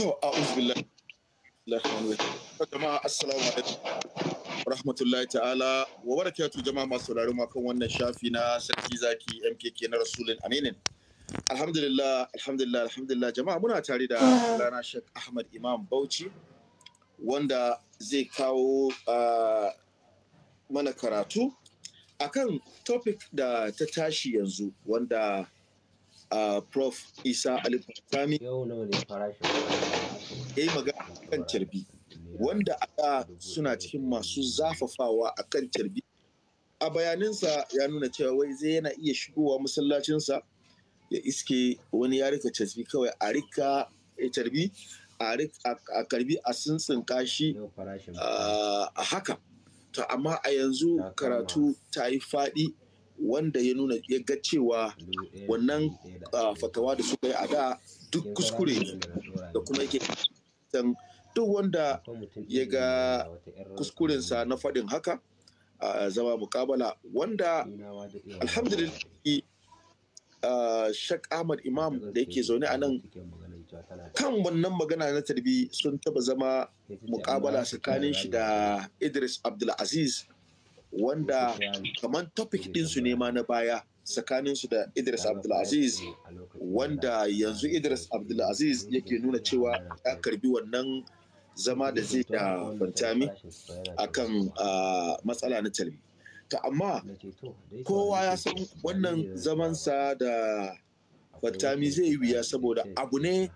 أعوذ بالله jama'a assalamu alaikum rahmatullahi jama'a masu sauraro kan wannan shafi na sarki zaki mkk na rasulun aminin alhamdulillah alhamdulillah alhamdulillah jama'a muna tare da rana shek ahmad imam bauchi wanda zai kawo ah, mana karatu akan topic da ta tashi yanzu wanda a prof isa alifurkami ya yi magana kan carbi wanda a da suna cikin masu zafafawa a kan carbi a bayaninsa ya nuna cewa wai zai yana iya shigowa masallacinsa ya iske wani ya rika carbi kawai a rika carbi a karbi a tsintsinka kashi a haka to amma a yanzu karatu ta yi faɗi wanda ya nuna ya ga cewa wannan ah, fatawa da suka yi a da duk kuskure ne da kuma yake duk wanda ya ga kuskurensa na faɗin haka a zama mukabala wanda alhamdulillah shak ahmad imam da yake zaune a nan kan wannan magana na tarbi sun taba zama mukabala tsakanin shi da idris abdulaziz wanda kamar topic ɗinsu ne ma na baya tsakaninsu da Idris Abdulaziz wanda yanzu Idris Abdulaziz yake nuna cewa ya karbi wannan zama da zai da fantami akan ah, matsala na talbi. Ta amma kowa ya san wannan zamansa da fantami zai yi wuya saboda abu ne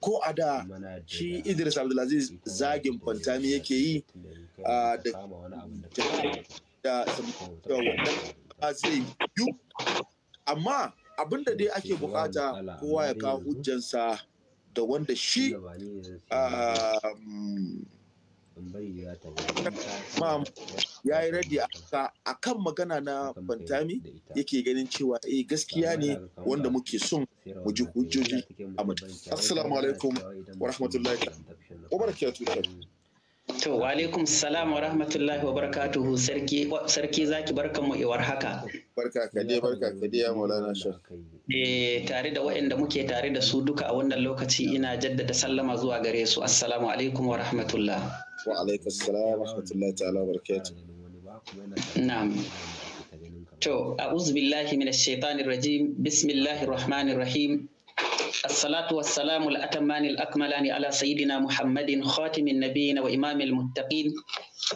ko a da shi idris abdulaziz zagin fantami yake yi ah, da da zai yi amma abinda dai ake bukata kowa ya kawo hujjansa da wanda shi ya yi radi a kan magana na bantami yake ganin cewa eh gaskiya ne wanda muke son mu ji hujjoji a madadin assalamu alaikum wa rahmatullahi wa To, wa alaikum salam wa rahmatullahi wa barakatuhu sarki sarki zaki barkan mu iwar haka. Barka ka dai barka ka dai ya Maulana Eh tare da waɗanda muke tare da su duka a wannan lokaci ina jaddada sallama zuwa gare su. Assalamu alaikum wa rahmatullah. Wa alaikum salam wa rahmatullahi ta'ala wa barakatuh. Na'am. To, a'udzu billahi minash shaitanir rajim. Bismillahir rahmanir rahim. Assalatu wassalamu al’atamani al’akmalani ala sayyidina Muhammadin khatimin nabiyina wa imamil muttaqin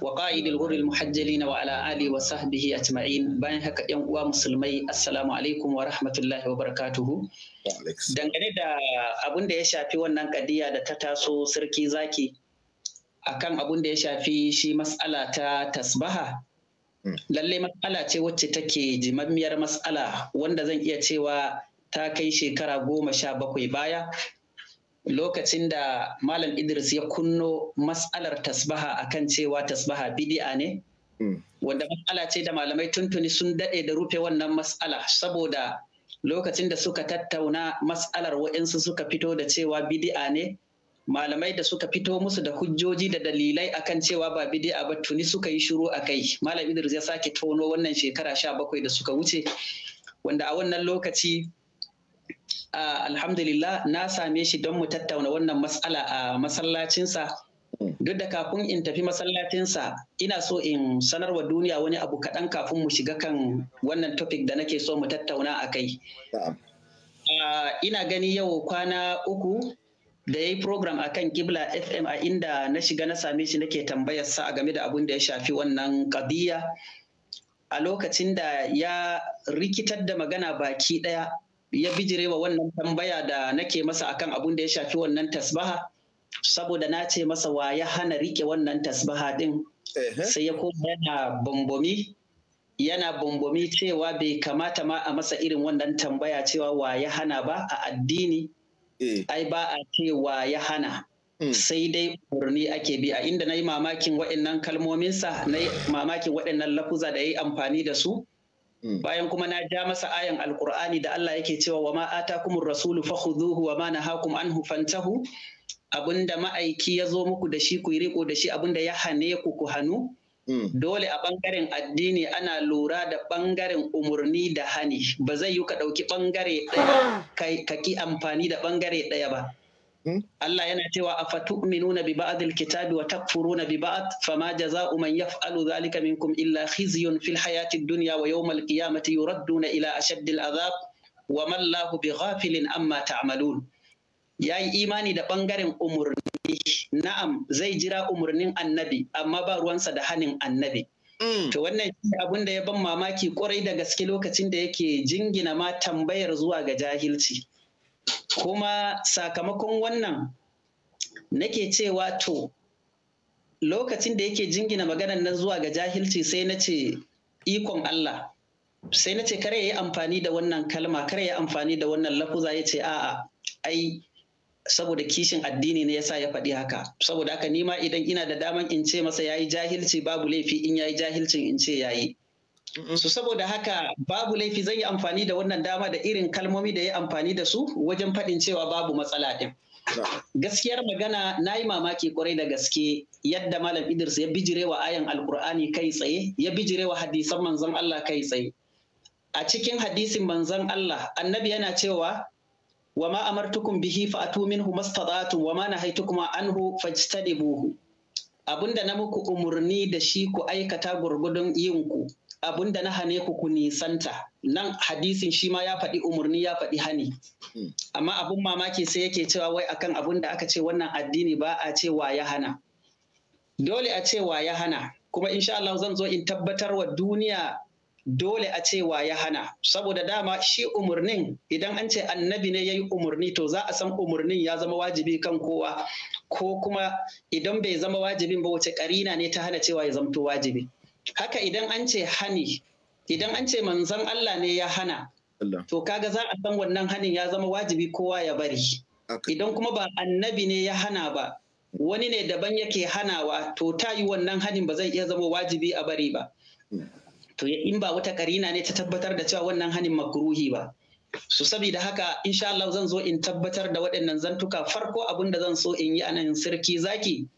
wa ƙa’idil wuril muhajjali wa ala ali wa sahbihi ajma'in bayan haka ‘yan uwa musulmai assalamu alaikum wa rahmatullahi wa barakatuhu. Dangane da abunda ya shafi wannan kadiya da ta taso sarki zaki akan abin da ya shafi shi mas'ala ta tasbaha hmm. Lallai mas'ala ce wacce take jimamiyar mas'ala wanda zan iya cewa ta kai shekara goma sha bakwai baya lokacin da Malam Idris ya kunno matsalar tasbaha akan cewa tasbaha bidi'a ne. Hmm. Wanda matsala ce da malamai tuntuni sun daɗe da rufe wannan matsala saboda lokacin da suka tattauna matsalar wa'insu suka fito da cewa bidi'a ne malamai da suka fito musu da hujjoji da dalilai akan cewa ba bidi'a ba tuni suka yi shiru a kai malam idris ya sake tono wannan shekara sha bakwai da suka wuce wanda a wannan lokaci alhamdulillah na same shi don mu tattauna wannan matsala a masallacinsa duk da kafin in tafi masallacinsa ina so in sanar wa duniya wani abu kaɗan kafin mu shiga kan wannan topic da nake so mu tattauna a kai ina gani yau kwana uku da ya yi program a kan kibla fm a inda na shiga na same shi nake tambayar sa game da abun da ya shafi wannan kadiya a lokacin da ya rikitar da magana baki ɗaya ya bijire wa wannan tambaya da nake masa akan abun da ya shafi wannan tasbaha saboda na ce masa wa ya hana rike wannan tasbaha din sai ya koma yana bambomi yana bambomi cewa bai kamata ma a masa irin wannan tambaya cewa wa ya hana ba a addini eh. ai ba a ce wa ya hana hmm. sai dai umarni ake bi a inda na yi mamakin waɗannan kalmominsa na yi mamakin waɗannan lafuza da ya yi amfani da su Mm. bayan kuma na ja masa ayan alkur'ani da Allah yake cewa wa ma atakumur rasulu fakhudhuhu wa ma nahakum anhu fantahu abinda ma'aiki ya zo muku da shi ku yi riko da shi abinda ya hane ku ku hannu mm. dole a bangaren addini ana lura da bangaren umarni da hani ba zai yi ka ɗauki bangare ɗaya ka ki amfani da bangare ɗaya ba Hmm? Allah yana cewa afatu'minuna bi ba'dil kitabi wa takfuruna bi ba'd fama jaza'u man yaf'alu dhalika minkum illa khizyun fil hayati dunya wa yawmal qiyamati yuradduna ila ashaddil azab wa ma bi bighafilin amma ta'malun yayi imani da bangaren umurni na'am zai jira umurnin annabi amma ba ruwansa da hanin annabi hmm. To wannan abin da ya ban mamaki kwarai da gaske lokacin da yake jingina ma tambayar zuwa ga jahilci. kuma sakamakon wannan nake cewa to lokacin da yake jingina maganar nan zuwa ga jahilci sai na ce ikon Allah sai na ce kare ya yi amfani da wannan kalma kare ya yi amfani da wannan lafuza ya ce a'a ai saboda kishin addini ne yasa ya faɗi haka saboda haka nima idan ina da daman in ce masa yayi jahilci babu laifi in yayi jahilcin in ce yayi su saboda haka babu laifi zai yi amfani da wannan dama da irin kalmomi da ya yi amfani da su wajen faɗin cewa babu matsala ɗin. Gaskiyar magana na yi mamaki kwarai da gaske yadda Malam Idris ya bijirewa ayan Alkur'ani kai tsaye, ya bijirewa hadisan manzon Allah kai tsaye. A cikin hadisin manzon Allah, annabi yana cewa wa ma amartukum bihi fa'atu minhu mastada'tum wa ma nahaytukum anhu fajtanibuhu. da na muku umarni da shi ku aikata gurgudun yin ku. abun da na hane ku ku nisanta nan hadisin shi ma ya faɗi umarni ya faɗi hani hmm. amma abun mamaki sai yake cewa wai akan abun da aka ce wannan addini ba a ce wa ya hana dole a ce wa ya hana kuma insha Allah zan zo in tabbatar wa duniya dole a ce wa ya hana saboda dama shi umarnin idan an ce annabi ne yayi umarni to za a san umarnin ya zama wajibi kan kowa ko kuma idan bai zama wajibin ba wace karina ne ta hana cewa ya zamto wajibi. haka idan an ce hani idan an ce manzon Allah ne ya hana to kaga za a san wannan hanin ya zama wajibi kowa ya bari idan kuma ba annabi ne ya hana ba wani ne daban yake hanawa to ta yi wannan hanin ba zai iya zama wajibi a bari ba hmm. to in ba wata karina ne ta tabbatar da cewa wannan hanin makruhi ba su saboda haka insha Allah zan zo in tabbatar da waɗannan zantuka farko abin da zan so in yi anan sarki zaki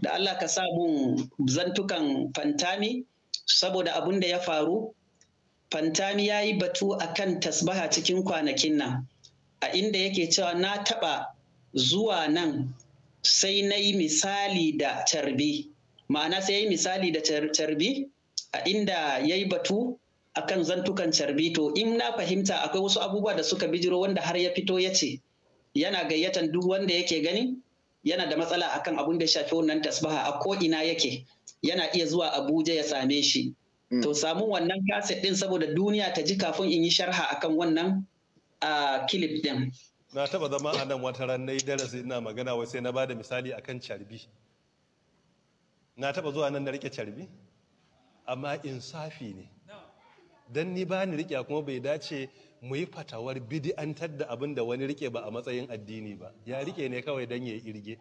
da Allah ka sa mun zantukan fantami saboda abun da ya faru fantami ya yi batu a kan tasbaha cikin kwanakin nan a inda yake cewa na taɓa zuwa nan sai na yi misali da carbi ma'ana sai ya yi misali da carbi a inda ya yi batu a kan zantukan carbi to in na fahimta akwai wasu abubuwa da suka bijiro wanda har ya fito ya ce yana gayyatan duk wanda yake gani yana da matsala akan abin da shafi wannan tasbaha a ko ina yake yana iya zuwa Abuja ya same shi mm. To samun wannan kaset din saboda duniya ta ji kafin in yi sharha akan wannan a kilip din. Na taba zama a nan wata ran na darasi ina magana wai sai na bada misali akan carbi. Na taba zuwa nan na rike carbi, amma insafi ne. Dan ni ba ni rike kuma bai dace mu yi fatawar bidi'antar da abin da wani rike ba a matsayin addini ba ya rike ne kawai don ya irge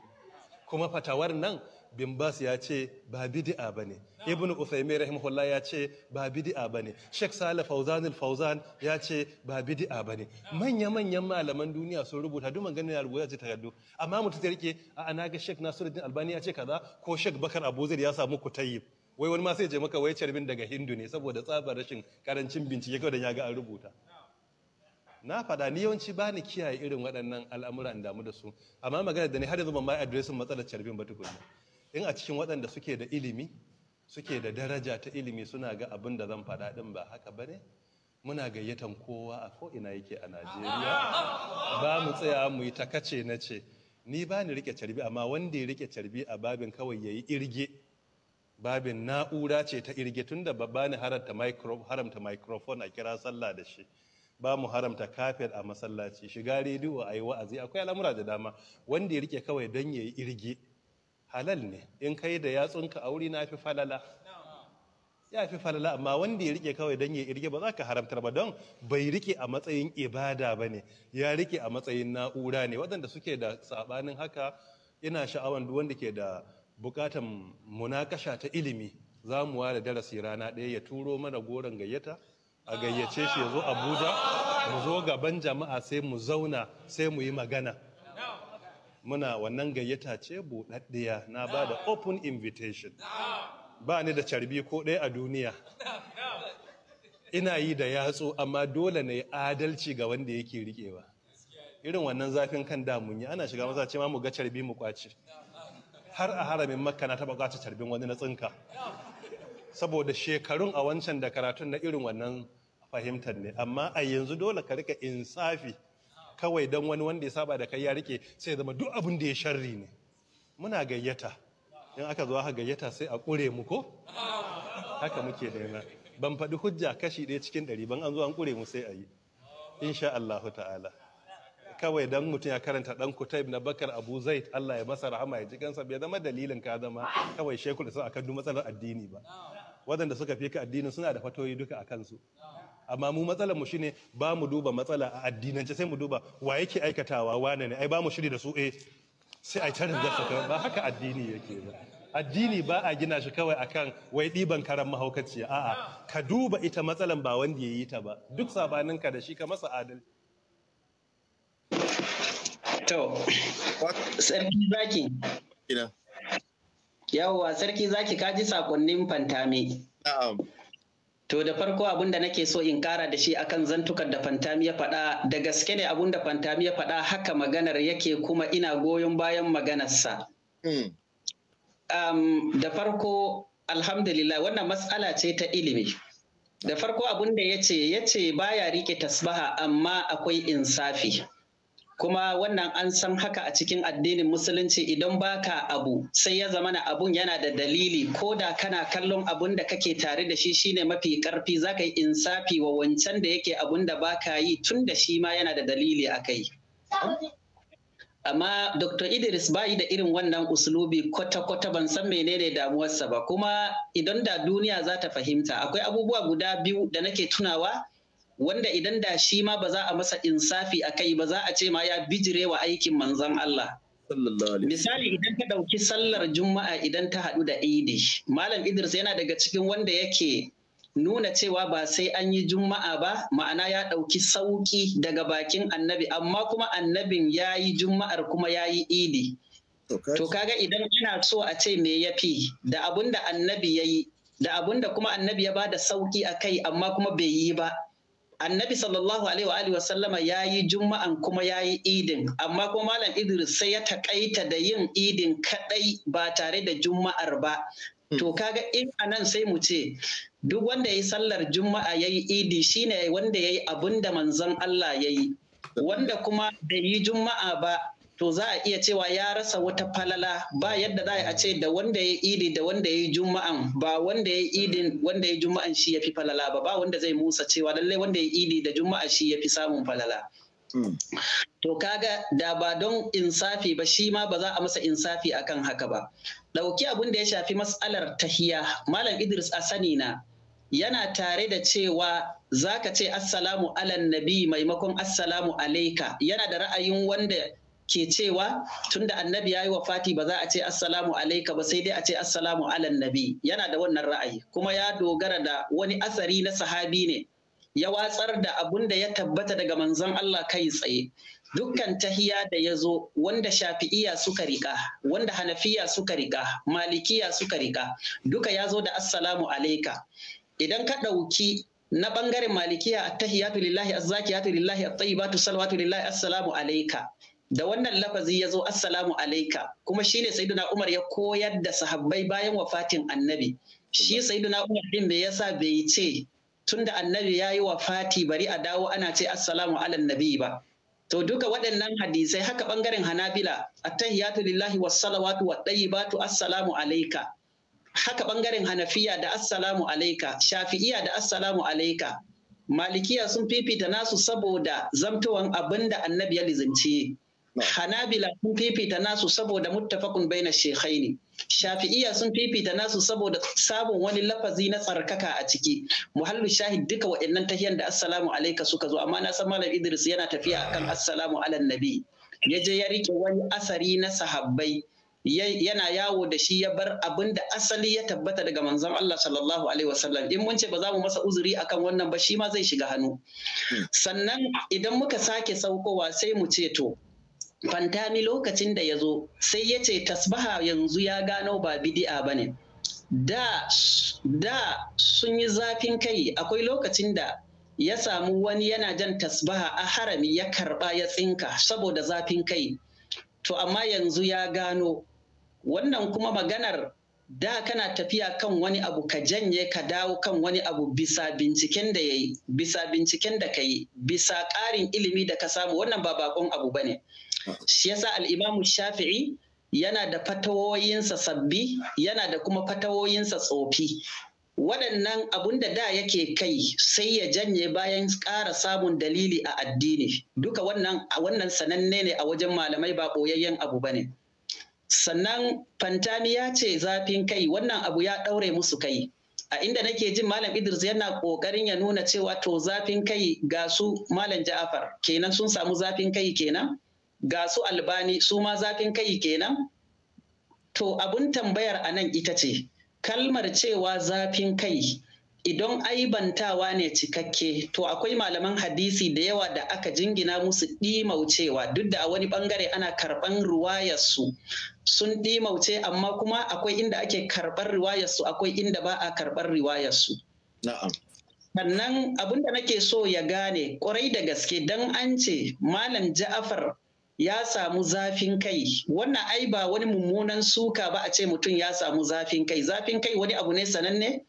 kuma fatawar nan bin bas ya ce ba bidi'a ba ne ibn usaimi rahimahullah ya ce ba bidi'a ba ne sheikh salih fauzan fauzan ya ce ba bid'a ba ne manya-manyan malaman duniya sun rubuta duk ganin ya rubuta ta takardu amma mutum ta rike a ana ga sheikh nasiruddin albani ya ce kaza ko sheikh bakar abuzir ya samu kutayyib wai wani ma sai je maka wai carbin daga hindu ne saboda tsabar rashin karancin bincike kawai da ya ga an rubuta na faɗa ni yawanci ba ni kiyaye irin waɗannan al'amura da damu da su amma magana da ni har yanzu ban ma adiresin matsalar carbin ba tukunna in a cikin waɗanda suke da ilimi suke da daraja ta ilimi suna ga abin da zan faɗa ɗin ba haka bane muna gayyatan kowa a ina yake a najeriya ba mu tsaya mu yi takace na ce ni ba ni rike carbi amma wanda ya rike carbi a babin kawai yayi irge babin na'ura ce ta irge tunda da babba ni haramta microphone a kira sallah da shi ba mu haramta kafir a masallaci shiga rediyo a yi wa'azi akwai al'amura da dama wanda ya rike kawai don ya yi irge halal ne in kai da yatsunka a wuri na fi falala ya fi falala amma wanda ya rike kawai don ya irge ba za ka haramtar ba don bai rike a matsayin ibada ba ne ya rike a matsayin na'ura ne waɗanda suke da saɓanin haka ina sha'awan duk wanda ke da bukatan munakasha ta ilimi za mu ware darasi rana ɗaya ya turo mana goron gayyata a gayyace shi ya zo abuja mu zo gaban jama'a sai mu zauna sai mu yi magana muna wannan gayyata ce buɗaɗɗiya na ba da open invitation ba ni da carbi ko ɗaya a duniya ina yi da yatsu amma dole na yi adalci ga wanda yake riƙewa irin wannan zafin kan damun yi ana shiga maza ce ma mu ga carbi mu kwace har a haramin makka na taɓa kwace carbin wani na tsinka saboda shekarun a wancan da karatun na irin wannan fahimtar ne amma a yanzu dole ka rika insafi kawai don wani wanda ya saba da kai ya rike sai zama duk abin da ya sharri ne muna gayyata in aka zo aka gayyata sai a ƙure mu ko haka muke da yana ban faɗi hujja kashi ɗaya cikin ɗari ban an zo an ƙure mu sai a yi insha Allah ta'ala kawai dan mutum ya karanta dan kutaib na bakar abu zaid Allah ya masa rahama ya ji kansa bai zama dalilin ka zama kawai shekul sai aka duk matsalar addini ba wadanda suka fi ka addinin suna da fatoyi duka a kansu amma mu matsalar mu shine ba mu duba matsala a addinance sai mu duba wa yake aikatawa wane ne ai ba mu shiri da su eh sai ai tarin da ba haka addini yake ba addini ba a gina shi kawai akan wai ɗiban karan mahaukaciya a'a ka duba ita matsalan ba wanda ya yi ta ba duk sabaninka da shi ka masa adalci to sarki zaki Yawwa sarki zaki kaji sakonnin fantami. To da farko abinda nake so in kara da shi akan zantukan da fantami ya faɗa da gaske ne abinda fantami ya faɗa haka maganar yake kuma ina goyon bayan maganarsa. Um, da farko alhamdulillah wannan matsala ce ta ilimi. Da farko abinda da ya ce ya ce baya rike tasbaha amma akwai insafi. kuma wannan an san haka a cikin addinin musulunci idan baka abu sai ya zama na abun yana da dalili ko da kana kallon abun da kake tare da shi shine mafi karfi zaka yi insafi wa wancan da yake abun da baka yi tun da shi ma yana da dalili a kai amma dr idris bayi da irin wannan usulubi kwata-kwata ban san menene damuwarsa ba kuma idan da duniya za ta fahimta akwai abubuwa guda biyu da nake tunawa wanda idan da shi ma ba za a masa insafi a kai ba za a ce ma ya bijire wa aikin manzon Allah. Misali idan ka ɗauki sallar Juma'a idan ta haɗu da Idi, Malam Idris yana daga cikin wanda yake nuna cewa ba sai an yi Juma'a ba, ma'ana ya ɗauki sauƙi daga bakin annabi, amma kuma annabin ya yi Juma'ar kuma ya yi Idi. To kaga idan yana so a ce me ya fi da abun da annabi ya yi, da abun da kuma annabi ya ba da sauƙi a kai amma kuma bai yi ba. annabi sallallahu alaihi wa sallama ya yi juma'an kuma ya yi idin amma kuma malam idris sai ya takaita da yin idin kadai ba tare da juma'ar ba hmm. to kaga in anan sai mu ce duk wanda ya yi sallar juma'a ya yi idi shine wanda ya yi abun da manzon allah ya yi wanda kuma bai yi juma'a ba to za a iya cewa ya rasa wata falala ba yadda za a ce da wanda ya idi da wanda ya yi juma'an ba wanda ya idin wanda ya juma'an shi ya fi falala ba ba wanda zai musa cewa lallai wanda ya idi da juma'a shi ya fi samun falala hmm. To kaga da ba don insafi ba shi ma ba za a masa insafi akan haka ba. Ɗauki abin da ya shafi matsalar tahiya, Malam Idris Asani na yana tare da cewa zaka ce assalamu alan nabi maimakon assalamu alaika yana da ra'ayin wanda ke cewa tunda annabi ya yi wa Fati ba za a ce assalamu alaika ba sai dai a ce assalamu alan nabi yana da wannan ra'ayi kuma ya dogara da wani asari na sahabi ne ya watsar da abun da ya tabbata daga manzon Allah kai tsaye dukkan tahiya da ya zo wanda shafi'iya suka riƙa wanda hanafiya suka riƙa malikiya suka riƙa duka ya zo da assalamu alaika idan ka ɗauki na ɓangaren malikiya tahiyatu lillahi azzakiyatu lillahi at-tayyibatu salawatu lillahi assalamu alaika da wannan lafazi ya zo assalamu alaika kuma shine sayyiduna umar ya koyar da sahabbai bayan wafatin annabi shi sayyiduna umar din me yasa bai ce tunda annabi ya yi wafati bari a dawo ana ce assalamu ala nabi ba to duka waɗannan hadisai haka bangaren hanabila attahiyatu lillahi wassalawatu batu assalamu alaika haka bangaren hanafiya da assalamu alaika shafi'iya da assalamu alaika malikiya sun fifita nasu saboda zamtowan abinda annabi ya lizinci Hanabila sun fifita nasu saboda muttafaqun baina ne Shafi'iyya sun fifita nasu saboda sabon wani lafazi na tsarkaka a ciki. Muhallu shahid duka waɗannan tahiyan da assalamu alaika suka zo amma na san Malam Idris yana tafiya akan assalamu alan nabi. Ya je ya rike wani asari na sahabbai yana yawo da shi ya bar abinda asali ya tabbata daga manzon Allah sallallahu alaihi wasallam in mun ce ba za mu masa uzuri akan wannan ba shi ma zai shiga hannu hmm. sannan idan muka sake saukowa sai mu ce to fantami lokacin da ya zo sai ya ce tasbaha yanzu ya gano ba bidi'a ba ne da da sun yi zafin kai akwai lokacin da ya samu wani yana jan tasbaha a harami ya karba ya tsinka saboda zafin kai to amma yanzu ya gano wannan kuma maganar da kana tafiya kan wani abu ka janye ka dawo kan wani abu bisa binciken da ya yi bisa binciken da ka yi bisa ƙarin ilimi da ka samu wannan ba bakon abu ba ne shi yasa al'imamu shafi'i yana da fatawoyinsa sabbi yana da kuma fatawoyinsa tsofi waɗannan abun da da yake kai sai ya janye bayan ƙara samun dalili a addini duka wannan wannan sananne ne a wajen malamai ba ɓoyayyen abu ba ne sannan fantami ya ce zafin kai wannan abu ya ɗaure musu kai a inda nake jin malam idris yana ƙoƙarin ya nuna cewa to zafin kai ga su malam ja'afar kenan sun samu zafin kai kenan ga su albani su ma zafin kai kenan to abun tambayar a nan ita ce kalmar cewa zafin kai idan aibantawa ne cikakke to akwai malaman hadisi da yawa da aka jingina musu ɗimaucewa duk da a wani bangare ana karɓan ruwayarsu sun ɗimauce amma kuma akwai inda ake karɓar ruwayarsu akwai inda ba a karɓar ruwayarsu. sannan abin da nake so ya gane ƙwarai da gaske don an ce malam ja'afar ya samu zafin kai wannan ai ba wani mummunan suka ba a ce mutum ya samu zafin kai zafin kai wani abu ne sananne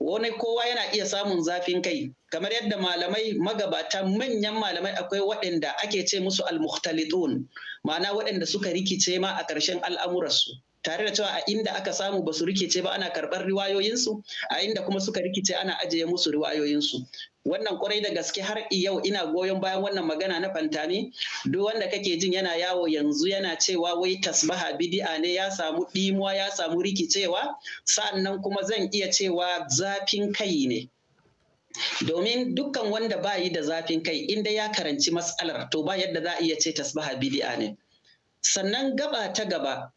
wani kowa yana iya samun zafin kai kamar yadda malamai magabata manyan malamai akwai waɗanda ake ce musu al-muktali almuhtalitun ma'ana waɗanda suka rikice ma a ƙarshen al'amuransu tare da cewa a inda aka samu ba su rikice ba ana karɓar riwayoyinsu a inda kuma suka rikice ana ajiye musu riwayoyinsu wannan kwarai da gaske har yau ina goyon bayan wannan magana na fantami duk wanda kake jin yana yawo yanzu yana cewa wai tasbaha bidi'a ne ya samu ɗimuwa ya samu rikicewa sa'annan kuma zan iya cewa zafin kai ne domin dukkan wanda ba yi da zafin kai inda ya karanci matsalar to ba yadda za a iya ce tasbaha bidi'a ne sannan gaba ta gaba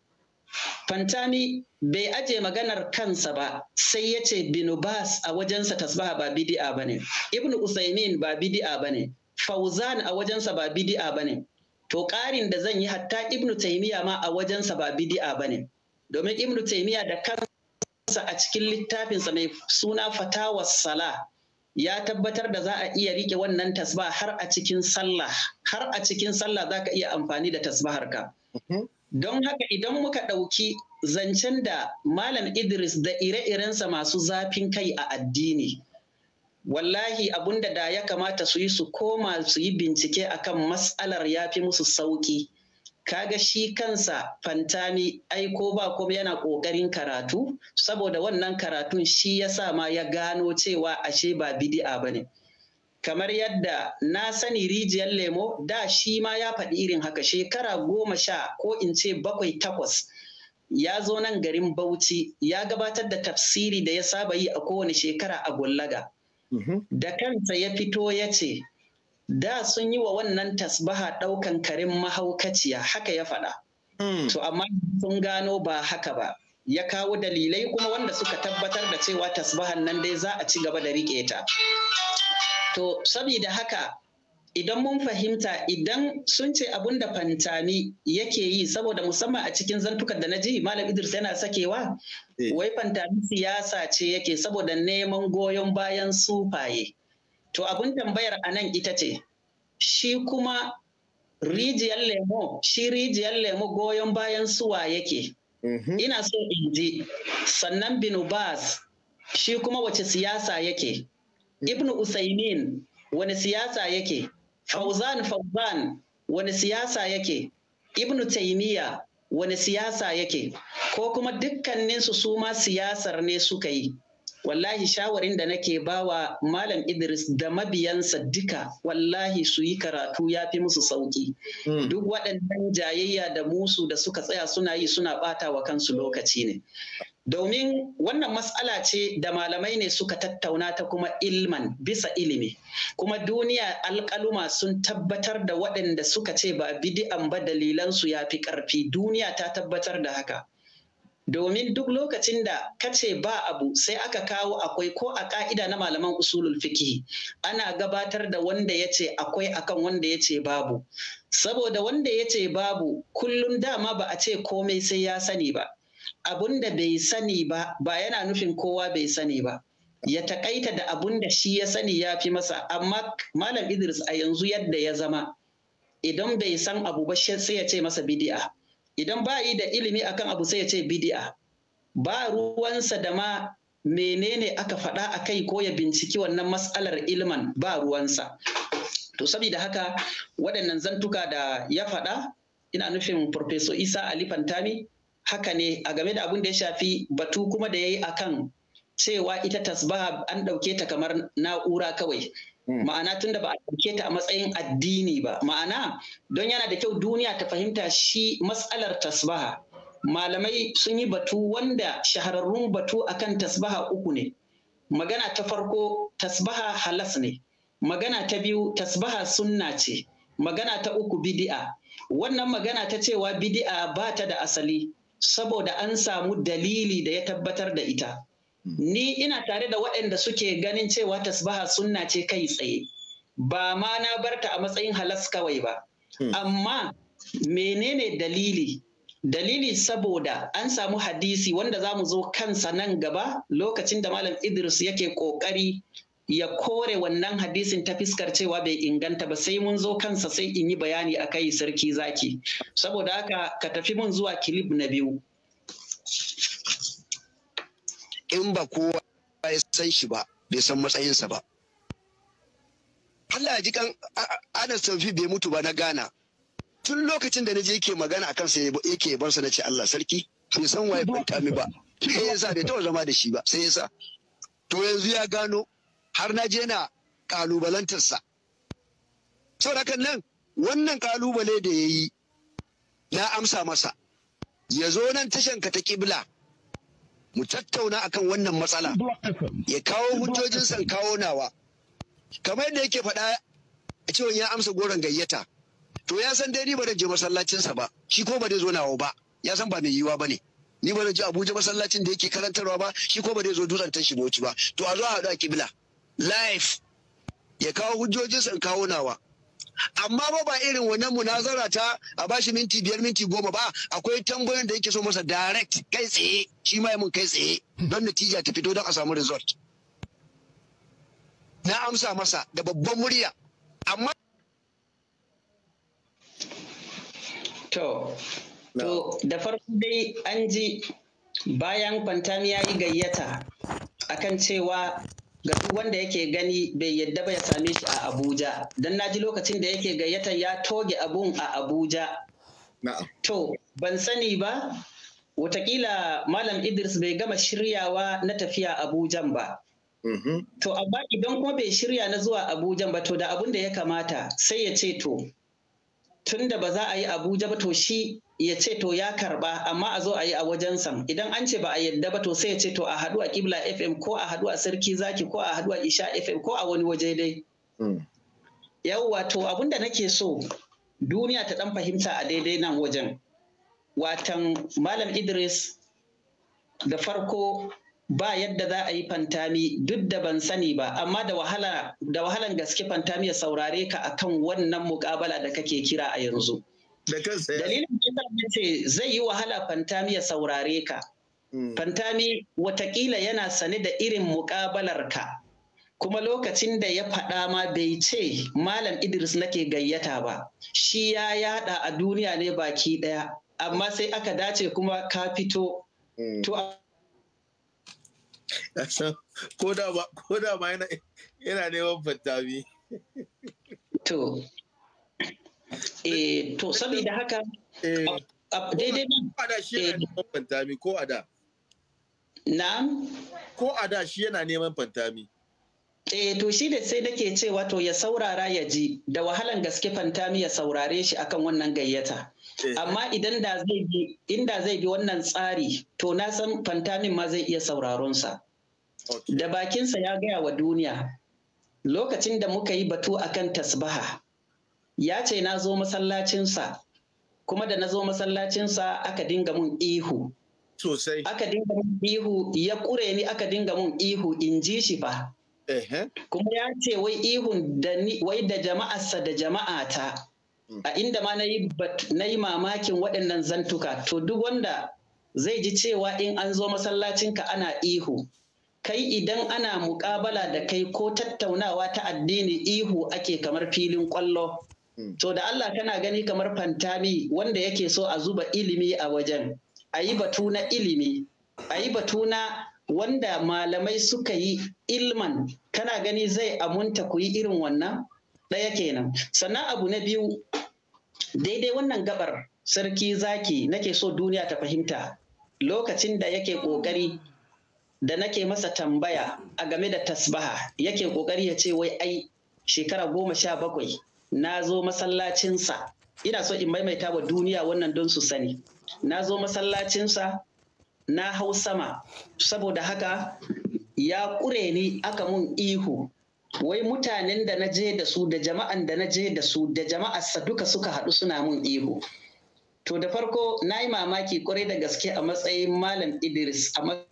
Fantami bai aje maganar kansa ba sai ya ce binubas a wajensa tasbaha ba bidi'a ba ne, Ibn Usaimin ba bidi'a ba ne, Fauzan a wajensa ba bidi'a ba ne, to ƙarin da zan yi hatta Ibn Taimiyya ma a wajensa ba bidi'a ba ne, domin Ibn Taimiyya da kansa a cikin littafinsa mai suna fatawa sala ya tabbatar da za a iya rike wannan tasbaha har a cikin sallah har a cikin sallah za ka iya amfani da tasbaharka. Mhm. Don haka idan muka ɗauki zancen da Malam Idris da ire-irensa masu zafin kai a addini, wallahi abunda da ya kamata su yi su koma su yi bincike akan matsalar ya fi musu sauƙi. kaga shi kansa fantami ai ko ba kuma yana ƙoƙarin karatu saboda wannan karatun shi ya sa ma ya gano cewa ashe ba bidi'a ba ne. kamar yadda na sani rijiyar lemo da shi ma ya faɗi irin haka shekara goma sha ko in ce bakwai takwas ya zo nan garin bauchi ya gabatar da tafsiri da ya saba yi a kowane shekara a gullaga mhm. da kansa ya fito ya ce da sun yi wa wannan tasbaha ɗaukan karin mahaukaciya haka ya faɗa hmm. to amma sun gano ba haka ba ya kawo dalilai kuma wanda suka tabbatar da cewa tasbahan nan dai za a ci gaba da riƙe ta To, saboda haka idan mun fahimta idan sun ce abun da fantami yake yi saboda musamman a cikin zantukan da na ji malam idris yana sakewa eh. wai fantami siyasa ce yake saboda neman goyon bayan sufaye to abun tambayar a nan ita ce shi kuma rijiyar lemo shi rijiyar lemo goyon bayan suwa yake mhm. ina so in ji sannan binubas shi kuma wace siyasa yake ibnu usaimin wani siyasa yake fauzan fauzan wani siyasa yake ibnu Taimiyya wani siyasa yake ko kuma dukkaninsu su ma siyasar ne suka yi wallahi shawarin da nake bawa malam idris da mabiyansa duka wallahi su yi karatu ya fi musu sauki hmm. duk waɗannan jayayya da musu da suka tsaya suna yi suna ɓata wa kansu lokaci ne domin wannan matsala ce da malamai ne suka tattauna ta kuma ilman bisa ilimi kuma duniya alkaluma sun tabbatar da waɗanda suka ce ba bidi'an ba dalilansu ya fi ƙarfi duniya ta tabbatar da haka domin duk lokacin da ka ce ba abu sai aka kawo akwai ko a ka'ida na malaman usulul fikihi ana gabatar da wanda ya ce akwai akan wanda ya ce babu saboda wanda ya ce babu kullum dama ba a ce komai sai ya sani ba abun da bai sani ba ba yana nufin kowa bai sani ba ya takaita da abun da shi ya sani ya fi masa amma malam idris a yanzu yadda ya zama idan bai san abu ba sai ya ce masa bidi'a idan ba yi da ilimi akan abu sai ya ce bidi'a ba ruwansa da ma menene aka faɗa a kai ko ya binciki wannan matsalar ilman ba ruwansa to saboda haka waɗannan zantuka da ya faɗa ina nufin Profeso isa ali fantami haka ne a game da abin da ya shafi batu kuma da ya yi a kan cewa ita tasbaha an ɗauke ta kamar na'ura kawai hmm. ma'ana tun da ba a ɗauke ta a matsayin addini ba ma'ana don yana da kyau duniya ta fahimta shi matsalar tasbaha malamai sun yi batu wanda shahararrun batu akan tasbaha uku ne magana ta farko tasbaha halas ne magana ta biyu tasbaha sunna ce magana ta uku bidi'a wannan magana ta cewa bidi'a ba ta da asali saboda an samu dalili da ya tabbatar da ita. Hmm. Ni ina tare da waɗanda suke ganin cewa tasbaha sunna ce kai tsaye, ba ma na barta a matsayin halas kawai ba. Hmm. Amma menene dalili? Dalili saboda an samu hadisi wanda za mu zo kansa nan gaba lokacin da Malam Idris yake ƙoƙari ya kore wannan hadisin ta fiskar cewa bai inganta ba sai mun zo kansa sai in yi bayani a kai sarki zaki saboda haka ka tafi mun zuwa kilib na biyu in ba kowa ya san shi ba bai san matsayinsa ba Allah ya ji kan Anas sanfi bai mutu ba na Ghana tun lokacin da na je yake magana akan sai yake bar sa nace Allah sarki bai san waye ta mi ba sai yasa bai taɓa zama da shi ba sai yasa to yanzu ya gano har na je na kalubalantarsa Saurakan nan wannan kalubale da ya yi na amsa masa ya zo nan tashanka ta ƙibla, mu tattauna akan wannan matsala ya kawo hujjojinsa kawo nawa kamar yadda yake faɗa a cewa ya amsa goron gayyata to ya san dai ni ba zan je masallacinsa ba shi ko ba zai zo nawa ba ya san ba mai yiwuwa ba ne ni ba zan je abuja masallacin da yake karantarwa ba shi ko ba zai zo dutsen tashi ba to a zo a haɗu a kibla live ya kawo hujjojinsa in kawo nawa amma ba ba irin wannan munazara ta a bashi minti biyar minti goma ba akwai tambayoyin da yake so masa direct kai tsaye shi ma mun kai tsaye don natija ta fito don a samu result na amsa masa da babban murya amma to to da farko dai an ji bayan kwantam ya yi gayyata akan cewa ga duk wanda yake gani bai yadda ba ya same shi a Abuja dan naji lokacin da yake gayyata ya toge abun a Abuja to ban sani ba watakila malam Idris bai gama shiryawa na tafiya Abuja ba mm-hmm. to amma idan kuma bai shirya na zuwa Abuja ba to da abun da ya kamata sai ya ce to tunda ba za a yi Abuja ba to shi ya ce to ya karba amma a zo a yi a wajensa idan an ce ba a yadda ba to sai ya ce to a haɗu a kibla fm ko a haɗu a sarki zaki ko a haɗu a isha fm ko a wani waje dai hmm. yawwa to abinda nake so duniya ta dan fahimta a daidai nan wajen watan malam idris da farko ba yadda za a yi fantami duk da ban sani ba amma da wahalan gaske fantami ya saurare ka akan wannan mukabala da kake kira a yanzu. da ya dalilin ce zai yi wahala fantami ya saurare ka hmm. fantami watakila yana sane da irin mukabalar ka kuma lokacin da ya faɗa ma bai ce malam idris nake gayyata ba shi ya yada a duniya ne baki ɗaya amma sai aka dace kuma ka fito hmm. ko da ma yana neman fantami to Eh, to saboda haka eh, daidai ba da shi yana eh, neman fantami ko a na ko ada shi yana neman fantami Eh to shi da sai nake cewa to ya saurara ya ji da wahalan gaske fantami ya saurare shi akan wannan gayyata. Amma idan da zai bi inda zai bi wannan tsari to na san fantamin ma zai iya sauraronsa. Da bakinsa ya gaya wa duniya lokacin da muka yi batu akan tasbaha ya ce na zo masallacinsa kuma da na zo masallacinsa aka dinga mun ihu sosai aka dinga mun ihu ya kure ni aka dinga mun ihu in ji shi fa kuma ya ce wai ihun da ni wai da jama'arsa da jama'ata mm. a inda ma na yi mamakin waɗannan zantuka to duk wanda zai ji cewa in an zo masallacinka ana ihu kai idan ana muƙabala da kai ko tattaunawa ta addini ihu ake kamar filin ƙwallo. To da Allah kana gani kamar fantami wanda yake so a zuba ilimi a wajen, a yi batu na ilimi, a yi batu na wanda malamai suka yi ilman kana gani zai amunta ku yi irin wannan ɗaya kenan. Sannan abu na biyu daidai wannan gabar sarki zaki nake so duniya ta fahimta lokacin da yake ƙoƙari da nake masa tambaya a game da tasbaha yake ƙoƙari ya ce wai ai shekara goma sha bakwai na zo masallacinsa ina so in maimaita wa duniya wannan don su sani na zo masallacinsa na hau sama saboda haka ya ƙure ni aka mun ihu wai mutanen da na je da su da jama'an da na je da su da jama'arsa duka suka haɗu suna mun ihu to da farko na yi mamaki kwarai da gaske a matsayin malam idris a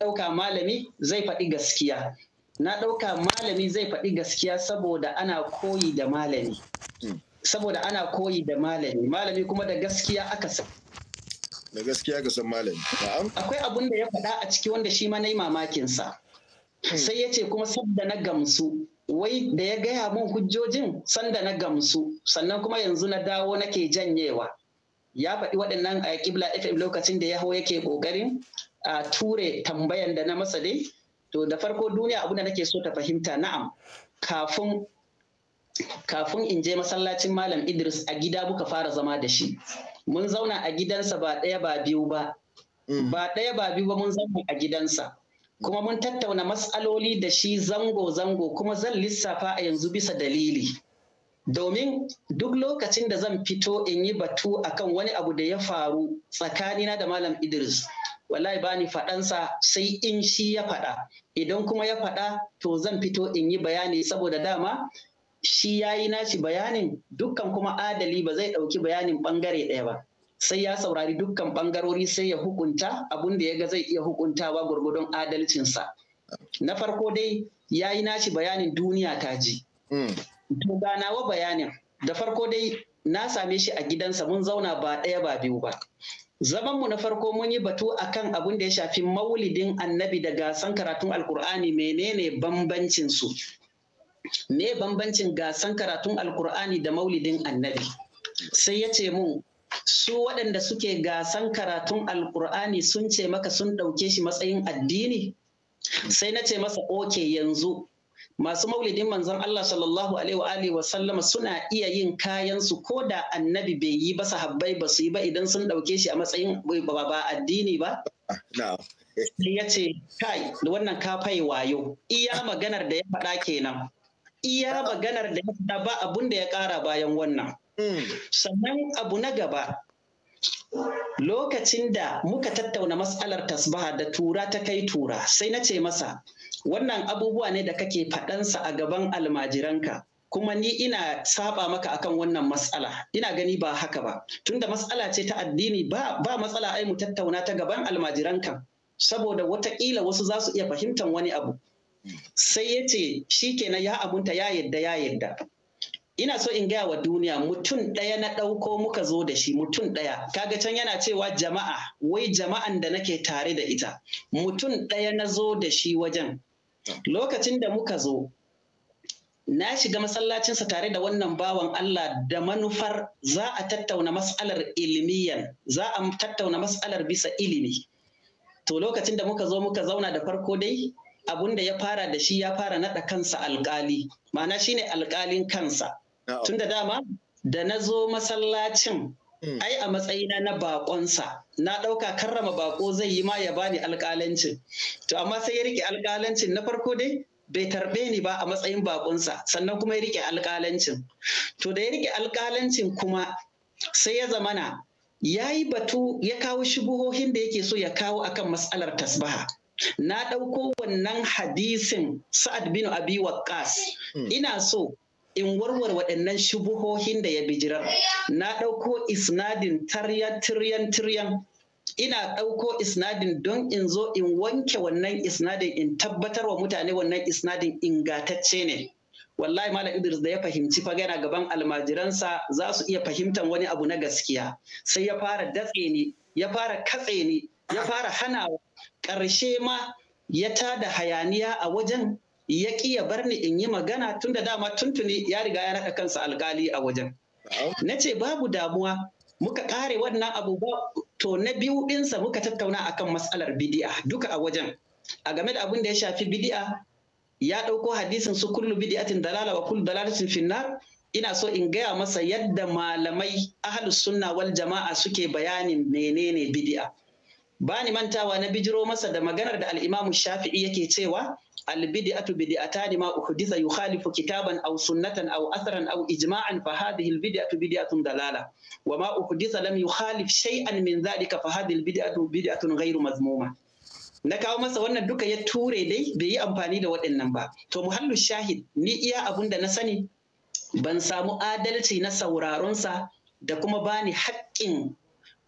ɗauka malami zai faɗi gaskiya na ɗauka malami zai faɗi gaskiya saboda ana koyi da malami hmm. saboda ana koyi da malami malami kuma da gaskiya aka san da gaskiya ka san malami akwai abun da ya faɗa a ciki wanda shi ma na yi mamakinsa hmm. sai ya ce kuma sanda na gamsu wai da ya gaya mun hujjojin sanda na gamsu sannan kuma yanzu na dawo nake janyewa ya faɗi waɗannan a kibla fm lokacin da ya hau yake ƙoƙarin a ture tambayan da na masa dai to da farko duniya abu da nake so ta fahimta na'am kafin kafin in je masallacin malam idris a gida muka fara zama da shi mun zauna a gidansa ba ɗaya ba biyu ba mm. ba ɗaya ba biyu ba mun zauna a gidansa kuma mun tattauna matsaloli da shi zango-zango kuma zan lissafa a yanzu bisa dalili domin duk lokacin da zan fito in yi batu akan wani abu da ya faru tsakanina da malam idris wallahi bani faɗansa sai in shi ya faɗa idan kuma ya faɗa to zan fito in yi bayani saboda dama shi ya yi nashi bayanin dukkan kuma adali ba zai ɗauki bayanin ɓangare ɗaya ba sai ya saurari dukkan ɓangarori sai ya hukunta abun da ya ga zai iya hukuntawa gwargwadon adalcinsa na farko dai ya yi nashi bayanin duniya ta ji hmm. to ganawa bayanin da farko dai na same shi a gidansa mun zauna ba ɗaya ba biyu ba Zamanmu na farko mun yi batu a kan abin da ya shafi maulidin annabi da gasan karatun alkur'ani menene bambancinsu? Ne bambancin gasan karatun alkur'ani da maulidin annabi? Sai ya ce mun su waɗanda suke gasan karatun alkur'ani sun ce maka sun ɗauke shi matsayin addini? Sai na ce masa oke yanzu masu maulidin manzon Allah sallallahu alaihi wa sallama suna iya yin kayan su ko da annabi bai yi ba sahabbai ba su yi ba idan sun dauke shi a matsayin ba addini ba ah, sai ya ce kai wannan ka fai wayo iya maganar da ya faɗa kenan iya maganar da ya faɗa ba abun da ya ƙara bayan wannan hmm. sannan abu na gaba lokacin da muka tattauna matsalar tasbaha da tura ta kai tura sai na ce masa wannan abubuwa ne da kake faɗansa a gaban almajiranka kuma ni ina saba maka akan wannan matsala ina gani ba haka ba tunda matsala ce ta addini ba ba matsala ai mu tattauna ta gaban almajiranka saboda watakila wasu za su iya fahimtar wani abu sai ya ce shi na ya abunta ya yadda ya yadda ina so in gaya wa duniya mutum ɗaya na ɗauko muka zo da shi mutum ɗaya kaga can yana cewa jama'a wai jama'an da nake tare da ita mutum ɗaya na zo da shi wajen lokacin da muka zo na shiga masallacinsa tare da wannan bawan Allah da manufar za a tattauna mas'alar ilmiyan za a tattauna mas'alar bisa ilimi to lokacin da muka zo muka zauna da farko dai abun da ya fara da shi ya fara naɗa kansa alƙali ma'ana shine alƙalin kansa tunda dama da na zo masallacin Mm. ai a matsayina na bakonsa na ɗauka karrama bako zai yi ma ya bani alƙalancin to amma sai ya rike alkalancin na farko dai bai tarbe ni ba a matsayin bakonsa sannan kuma ya rike alkalancin. to da ya rike alkalancin kuma sai ya zamana ya yi batu ya kawo shubuhohin da yake so ya kawo akan matsalar tasbaha na ɗauko wannan hadisin sa'ad bin abi waqqas mm. ina so in warware waɗannan shubuhohin da ya bijirar na ɗauko isnadin tarya tiryan tiryan ina ɗauko isnadin don in zo in wanke wannan isnadin in tabbatar wa mutane wannan isnadin ingatacce ne wallahi malam idris da ya fahimci fa yana gaban almajiransa za su iya fahimtar wani abu na gaskiya sai ya fara datse ni ya fara katse ni ya fara hana ƙarshe ma ya tada hayaniya a wajen ya ƙi ya bar ni in yi magana tun da dama tuntuni ya riga ya naɗa kansa alƙali a wajen. Na ce babu damuwa muka ƙare wannan abubuwa to na biyu ɗinsa muka tattauna akan matsalar bidi'a duka a wajen. A game da abin da ya shafi bidi'a ya ɗauko hadisin su kullu bidi'atin dalala wa kullu dalalatin finnar ina so in gaya masa yadda malamai ahlus sunna wal jama'a suke bayanin menene bidi'a. Bani mantawa na bijiro masa da maganar da al'imamu shafi'i yake cewa البدعة بدعتان ما أحدث يخالف كتابا أو سنة أو أثرا أو إجماعا فهذه البدعة بدعة ضلالة وما أحدث لم يخالف شيئا من ذلك فهذه البدعة بدعة غير مذمومة na kawo masa wannan duka ya ture dai bai yi amfani da waɗannan ba to muhallu shahid ni iya abun da na sani ban samu adalci na sa da kuma bani haƙƙin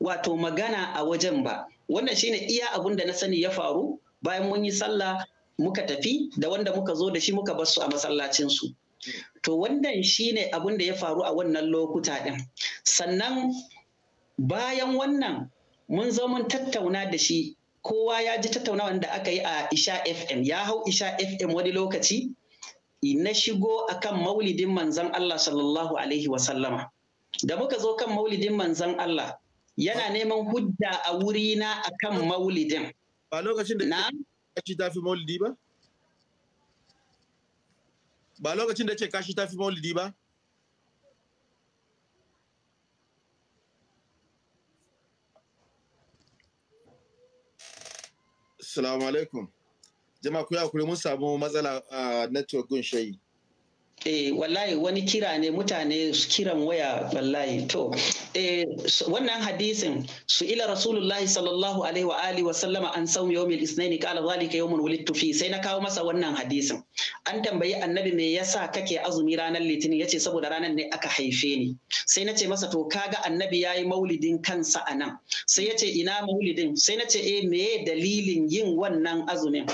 wato magana a wajen ba wannan shine iya abun da na sani ya faru bayan mun yi sallah muka tafi da wanda muka zo da shi muka bar su a masallacinsu. To wannan shine ne abin da ya faru a wannan lokuta ɗin. Sannan bayan wannan mun zo mun tattauna da shi kowa ya ji tattaunawa da aka yi a Isha FM ya hau Isha FM wani lokaci na shigo akan maulidin manzan Allah sallallahu Alaihi wasallama. Da muka zo kan maulidin manzan Allah yana neman hujja a wurina akan maulidin. Ba lokacin da kashi ta fi maulidi ba? Ba lokacin da ce kashi ta fi maulidi ba? Salamu alaikum. Jama'a ku ya mun samu matsala a ah, network gun shayi. eh wallahi wani kira ne mutane su kiran waya wallahi to eh wannan hadisin su ila rasulullahi sallallahu alaihi wa alihi wa sallama an sawm yawmil isnaini qala zalika yawmun wulidtu fi sai na kawo masa wannan hadisin an tambayi annabi me yasa kake azumi ranar litinin yace saboda ranar ne aka haife ni sai nace masa to kaga annabi yayi maulidin kansa anan sai yace ina maulidin sai nace eh me dalilin yin wannan azumin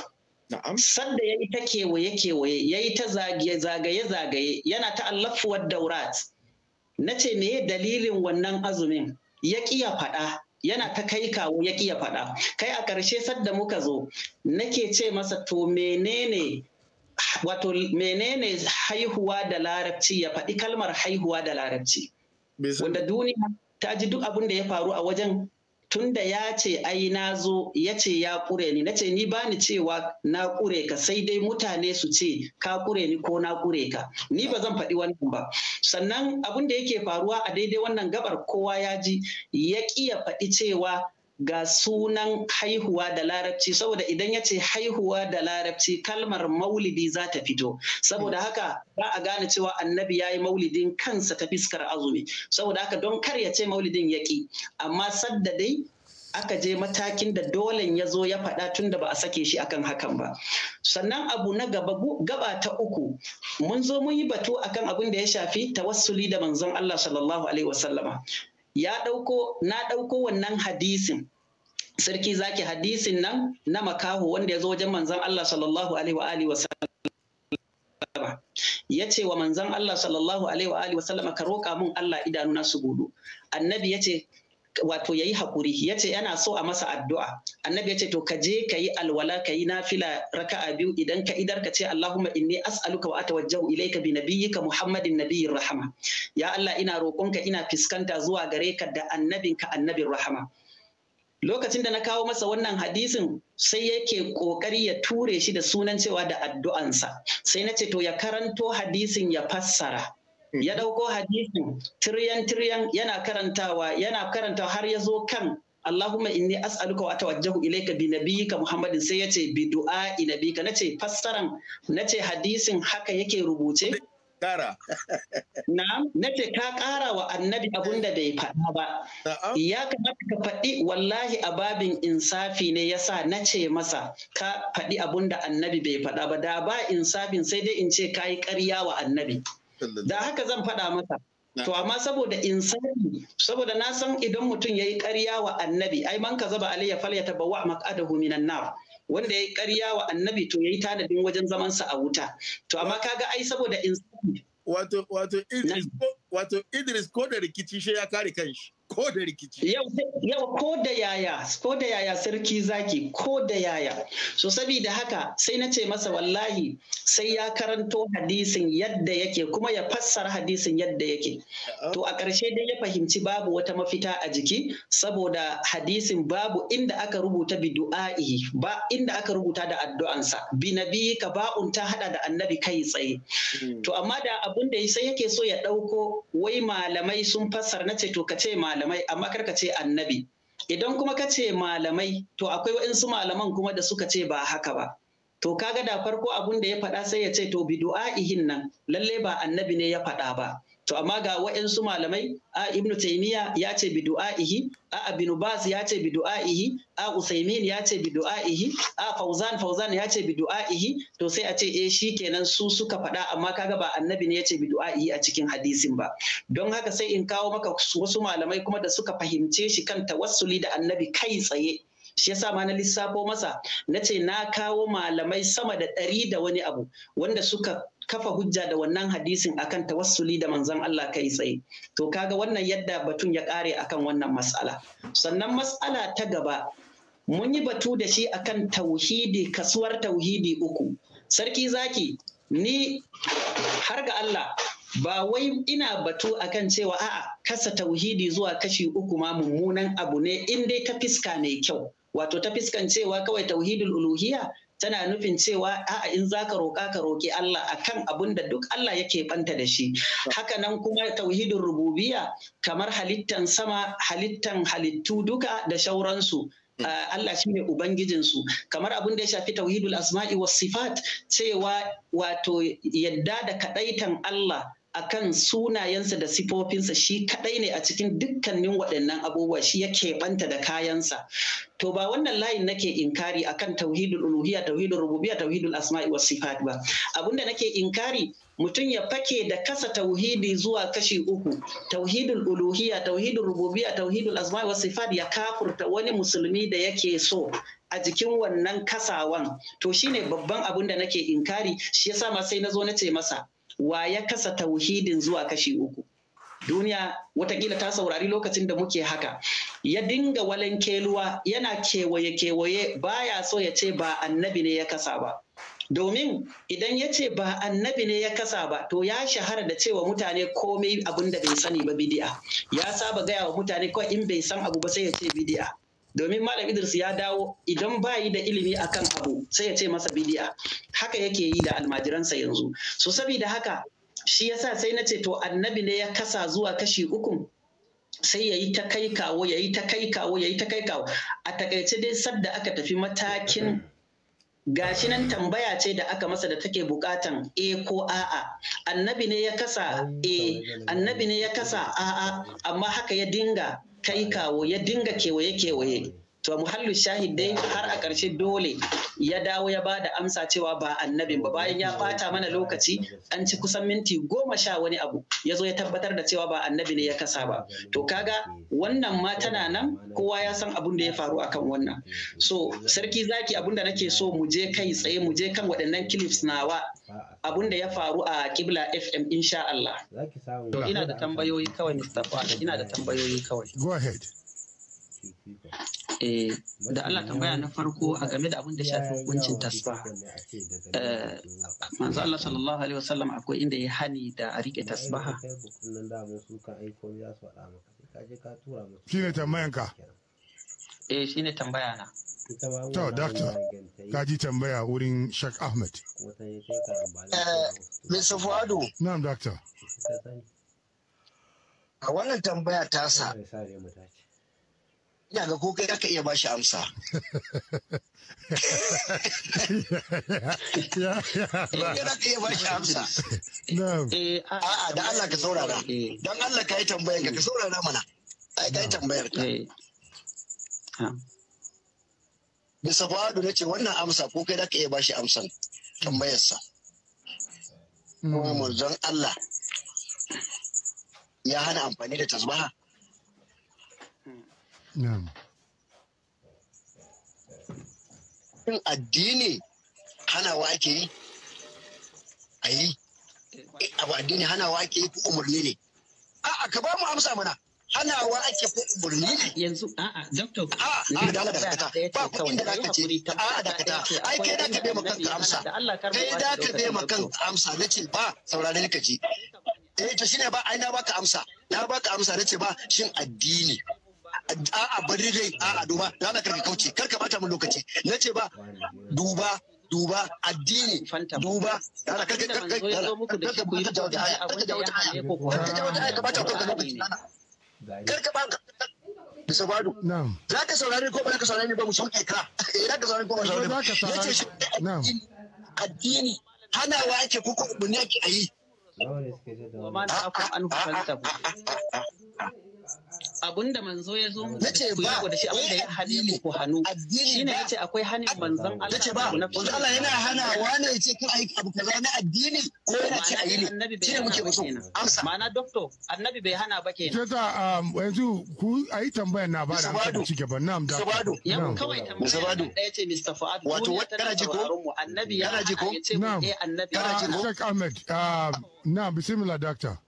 Sanda ya yi ta kewaye-kewaye, ya yi ta zagaye-zagaye, yana ta allafuwar daurat. Na ce meye dalilin wannan azumin? Ya ƙiya faɗa, yana ta kai kawo ya kiya faɗa. Kai a ƙarshe sadda muka zo, nake ce masa to menene wato menene haihuwa da larabci ya faɗi kalmar haihuwa da larabci. Wanda duniya ta ji duk abin da ya faru a wajen tunda ya ce ai na zo ya ce ya kure ni na ce ni bani cewa na kure ka sai dai mutane su ce ka kure ni ko na kure ka ni ba zan faɗi wannan ba sannan abin da yake faruwa a daidai wannan gabar kowa ya ji ya ƙiya faɗi cewa ga sunan haihuwa da larabci saboda idan ya ce haihuwa da larabci kalmar maulidi za ta fito saboda haka za a gane cewa annabi ya yi maulidin kansa ta fiskar azumi saboda haka don kar ya ce maulidin yaƙi amma sadda dai aka je matakin da dolen ya zo ya faɗa tun da ba a sake shi akan hakan ba sannan abu na gaba gaba ta uku mun zo mun yi batu akan abin da ya shafi tawassuli da manzon Allah sallallahu alaihi wasallama ya ɗauko na ɗauko wannan hadisin sarki zaki hadisin nan na makaho wanda ya zo wajen manzan Allah sallallahu alaihi wa alihi wa sallam ya ce wa manzan Allah sallallahu alaihi wa alihi wa sallam ka roka mun Allah idanuna su budu annabi ya ce wato yayi hakuri yace ya ce yana so a masa addu'a annabi ya ce to ka je ka yi alwala ka yi nafila raka'a biyu idan ka idar ka ce Allahumma inni as'aluka wa atawajjahu ilayka bi nabiyyika Muhammadin nabiyyin rahama ya Allah ina roƙonka ina fiskanta zuwa gare ka da annabinka annabin rahama lokacin da na kawo masa wannan hadisin sai yake kokari ya ture shi da sunan cewa da addu'ansa sai na ce to ya karanto hadisin ya fassara ya mm-hmm. ɗauko hadisin tiryan tiryan yana karantawa yana karantawa har ya zo kan Allahumma inni as'aluka wa tawajjahu ilayka bi nabiyyika Muhammadin sai yace bi du'a nabiyika nace fassaran nace hadisin haka yake rubuce kara. Na, na ce ka kara wa annabi abun da bai faɗa ba. Ya kamata ka faɗi wallahi a babin insafi ne ya sa na ce masa ka faɗi abun da annabi bai faɗa ba da ba insafin sai dai in ce ka yi ƙarya wa annabi. Da haka zan faɗa masa. To amma saboda insani saboda na san idan mutum ya yi ƙarya wa annabi ai man ka zaba alayya ba ya tabawwa maq'adahu minan nar wanda ya yi ƙarya wa annabi to ya yi tanadin wajen zamansa a wuta. To amma kaga ai saboda insani wato wato Idris ko da rikici shi ya kare kanshi ko da rikici yau ko da yaya ko da yaya sarki zaki ko da yaya so sabida haka sai na ce masa wallahi sai ya karanto hadisin yadda yake kuma ya fassara hadisin yadda yake uh-huh. to a ƙarshe dai ya fahimci babu wata mafita a jiki saboda hadisin babu inda aka rubuta bi du'a'i ba inda aka rubuta da addu'ansa bi nabi ka ba'un ta hada da annabi kai tsaye hmm. to amma da abun da sai yake so ya ɗauko wai malamai sun fassara na ce to ka ce malamai malamai amma karka ce annabi idan kuma ka ce malamai to akwai waɗansu malaman kuma da suka ce ba haka ba to kaga da farko abun da ya faɗa sai ya ce to bi du'a'ihin nan lalle ba annabi ne ya faɗa ba To amma ga waɗansu malamai a Ibn Taymiya ya ce bi du'a'ihi, a Ibn Bas ya ce bi du'a'ihi, a Usaimin ya ce bi du'a'ihi, a Fauzan Fauzan ya ce bi du'a'ihi, to sai a ce eh shi kenan su suka faɗa amma kaga ba annabi ne ya ce bi du'a'ihi a cikin hadisin ba. Don haka sai in kawo maka wasu malamai kuma da suka fahimce shi kan tawassuli da annabi kai tsaye. shi yasa ma na lissafo masa na ce na kawo malamai sama da ɗari da wani abu wanda suka kafa hujja da wannan hadisin akan tawassuli da manzon Allah kai tsaye to kaga wannan yadda batun ya kare akan wannan matsala sannan matsala ta gaba mun yi batu da shi akan tauhidi kasuwar tauhidi uku sarki zaki ni har ga Allah ba wai ina batu akan cewa a'a kasa tauhidi zuwa kashi uku ma mummunan abu ne in dai ta fiska mai kyau wato ta fiskan cewa kawai tauhidul uluhiyya tana nufin cewa a'a in zaka roƙa ka roƙi Allah akan abin da duk Allah yake banta da shi haka nan kuma tauhidin rububiya kamar halittan sama halittan halittu duka da shauransu hmm. ah, Allah shi ne Ubangijinsu, kamar abin da ya shafi tauhidul asma'i was sifat cewa wato yadda da kaɗaitan Allah akan sunayensa da sifofinsa shi kadai ne a cikin dukkanin waɗannan abubuwa shi ya keɓanta da kayansa to ba wannan layin nake inkari akan tauhidul uluhiyya tauhidul rububiyya tauhidul asma'i was sifat ba abinda nake inkari mutum ya fake da kasa tauhidi zuwa kashi uku tauhidul uluhiyya tauhidul rububiyya tauhidul asma'i was sifat ya kafurta wani musulmi da yake so a jikin wannan kasawan to shine babban abin da nake inkari shi yasa ma sai na zo na ce masa wa ya kasa tauhidin zuwa kashi uku duniya watakila ta saurari lokacin da muke haka ya dinga walen keluwa yana kewaye kewaye baya so ya ce ba annabi ne ya kasa ba domin idan ya ce ba annabi ne ya kasa ba to ya shahara da cewa mutane komai abin da bai sani ba bidi'a ya saba gaya wa mutane kawai in bai san abu ba sai ya ce bidi'a domin malam idris ya dawo idan ba yi da ilimi akan abu sai ya ce masa bidi'a haka yake yi da almajiransa yanzu so saboda haka shi yasa sai na ce to annabi ne ya kasa zuwa kashi uku sai ya yi ta kai kawo ya yi ta kai kawo ya yi ta kai kawo a takaice dai sadda aka tafi matakin gashi nan tambaya ce da aka masa da take bukatan e ko a'a annabi ne ya kasa e annabi ne ya kasa a'a amma haka ya dinga kai kawo ya dinga kewaye kewaye to muhallu shahid dai har a ƙarshe dole ya dawo ya bada amsa cewa ba annabin ba bayan ya bata mana lokaci an ci kusan minti goma sha wani abu ya zo ya tabbatar da cewa ba annabi ne ya kasa ba to kaga wannan ma tana nan kowa ya san abun da ya faru akan wannan so sarki zaki abun da nake so mu je kai tsaye mu je kan waɗannan clips nawa abun da ya faru a Kibla FM insha Allah. To ina da tambayoyi kawai Mr. ina da tambayoyi kawai. Go ahead. Eh, da Allah tambaya na farko a game da abin da shafi hukuncin tasba. Eh, manzo Allah sallallahu alaihi wasallam akwai inda ya hani da a rike tasbaha. Shi ne tambayanka. eh ne tambaya na to Ka ji tambaya wurin Sheikh Ahmed eh Mr. Fuadu na'am doctor a wannan tambaya ta sa ina ga ko kai aka iya ba shi amsa aka iya ba shi amsa eh, a'a da Allah ka saurara eh. don Allah ka yi tambayar ka ka saurara mana Ai ka yi tambayar ka eh, Bisa fa'adu na ce wannan amsa ko kai da ka iya bashi amsan tambayarsa. Hmm. Kuma manzon Allah ya hana amfani da tasbaha. Yin addini hanawa ake yi a yi abu addini hanawa ake yi ko umarni ne. A'a ka ba mu amsa mana. hanawa ake ko umarni ne yanzu a'a doctor a a da Allah dakata ba ku da zaka a a dakata ai kai da ka bai kanka amsa kai da ka bai amsa nace ba saurare ka ji eh to shine ba ai na baka amsa na baka amsa nace ba shin addini a'a bari dai a'a duba lana karka kauce karka bata min lokaci nace ba duba duba addini duba lana karka karka karka karka ta aya Ka jawo ta aya ka karka da sabadu za ka saurari ko ka saurari ba mu za ka saurari ko ce shi addini hanawa ake kuka ubunni ake a yi. abinda manzo ya zo mu ku yi da shi abinda eh, ya hane mu ku hannu shine yace akwai hanin manzon Allah nace ba Allah yana hana hanawa ne yace kan ayi abu kaza na addini ko yana ce ayi ne annabi bai hana ba kenan ma'ana doctor annabi bai hana ba kenan to um, yanzu ku ayi tambayar na ba da an ci gaba na'am da sabado yau kawai tambayar da yace Mr. Fuad wato kana ji ko annabi ya ji ko na'am kana ji eh, ko Sheikh Ahmed um, na bismillah doctor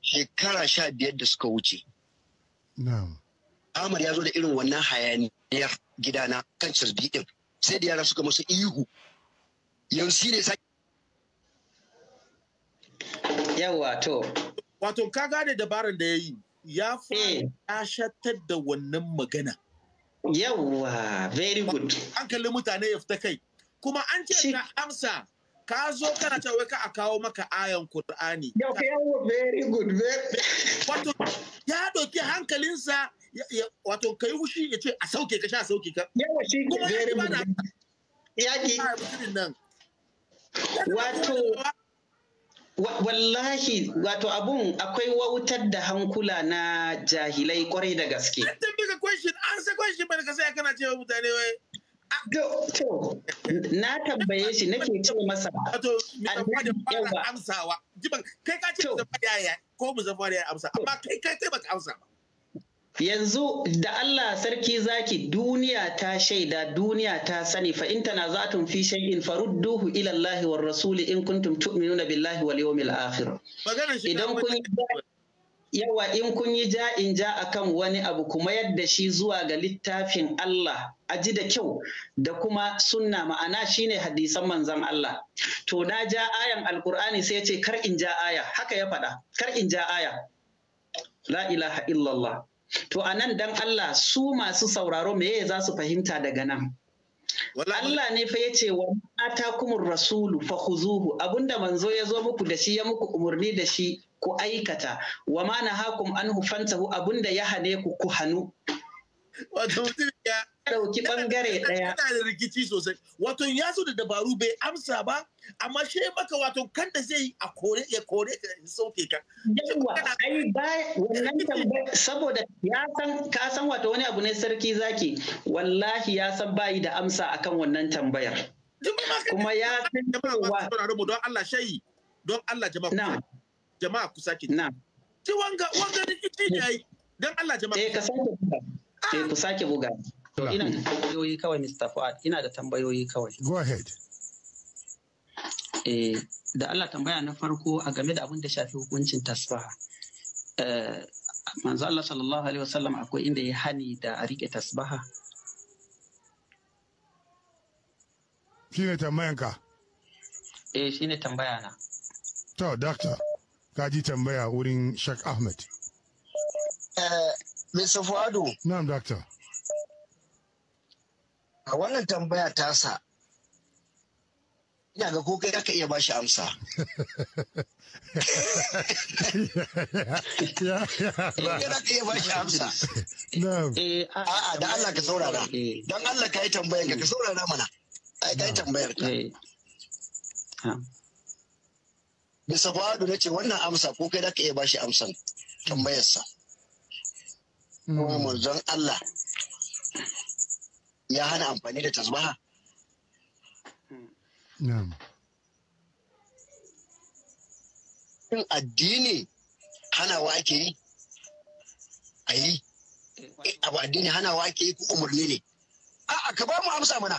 shekara sha biyar da suka wuce Ahmad ya zo da irin wannan hayaniyar gidana kan casbi din sai da yara suka masu ihu yanzu ne sa yawa to wato ka gane dabarar da ya yi ya fi ya eh. shatar da wannan magana yawa very good kalli mutane ya fita kai kuma an ce ka amsa ka zo kana ta wai ka a kawo maka ayan Kur'ani. Yau yawo very good Wato ya ɗauki hankalinsa wato kai wushi ya ce a sauke ka sha a sauke ka. Yawa ya very good. Yaƙi. nan. Wato wallahi wato abun akwai wautar da hankula na jahilai kwarai da gaske. An tambi ka question an sa question ba ka sai kana cewa mutane wai To, na tambaye shi nake ce masa. Wato, da amsawa. Jiban, kai ka ce yaya ko mu amsa, amma kai kai baka amsa ba. Yanzu da Allah sarki zaki duniya ta shaida duniya ta sani fa in tana tun fi shay'in farudduhu ila Allah war rasuli in kuntum tu'minuna billahi wal yawmil akhir. Idan kun yawa in kun yi ja in ja akan wani abu kuma yadda shi zuwa ga littafin Allah a ji da kyau da kuma sunna ma'ana shi ne hadisan manzan Allah to na ja ayan alkur'ani sai ce kar in ja aya haka ya faɗa kar in ja aya la ilaha illallah to a nan dan Allah su masu sauraro meye za su fahimta daga nan Allah ne fa ya ce wa kuma rasulu fa zuhu? abunda manzo ya zo muku da shi ya muku umurni da shi ku aikata wa ma nahakum an fantahu abinda ya hane ku ku hannu. wato mutum ya ɗauki ɓangare ɗaya. yana da rikici sosai wato ya zo da dabaru bai amsa ba amma shi maka wato kan da zai a kore ya kore ka sauke ka Yawwa, ai ba wannan tambayar saboda ya san ka san wato wani abu ne sarki zaki wallahi ya san bayi da amsa akan wannan tambayar kuma ya san cewa don Allah shayi don Allah jama'a jama'a ku sake na ci wanga wanga kici ne ai dan Allah jama'a eh ka sake buga ah! eh ku sake buga ina da tambayoyi kawai Mr. Fuad ina da tambayoyi kawai go ahead eh da Allah tambaya na farko a game da abin da shafi hukuncin tasbaha eh, manzo Allah sallallahu alaihi wasallam akwai inda ya hani da a rike tasbaha shine tambayanka eh shine tambaya na to doctor kaji tambaya wurin Sheikh Ahmed. Eh, Mr. Fuadu. Na'am, Doctor. A wannan tambaya tasa, ina ga ko kai aka iya shi amsa. Ya ka iya shi amsa. A'a, da Allah ka saurara. Don Allah ka yi tambayar ka, saurara eh, mana. Eh, ka yi tambayar ka. bisa fa'adu na ce wannan amsa ko kai da ka iya bashi amsan tambayarsa hmm. kuma manzon Allah ya hana amfani da tasbaha in addini hanawa ake yi a yi eh, abu addini hanawa ake yi ko umarni ne a'a ka ba mu amsa mana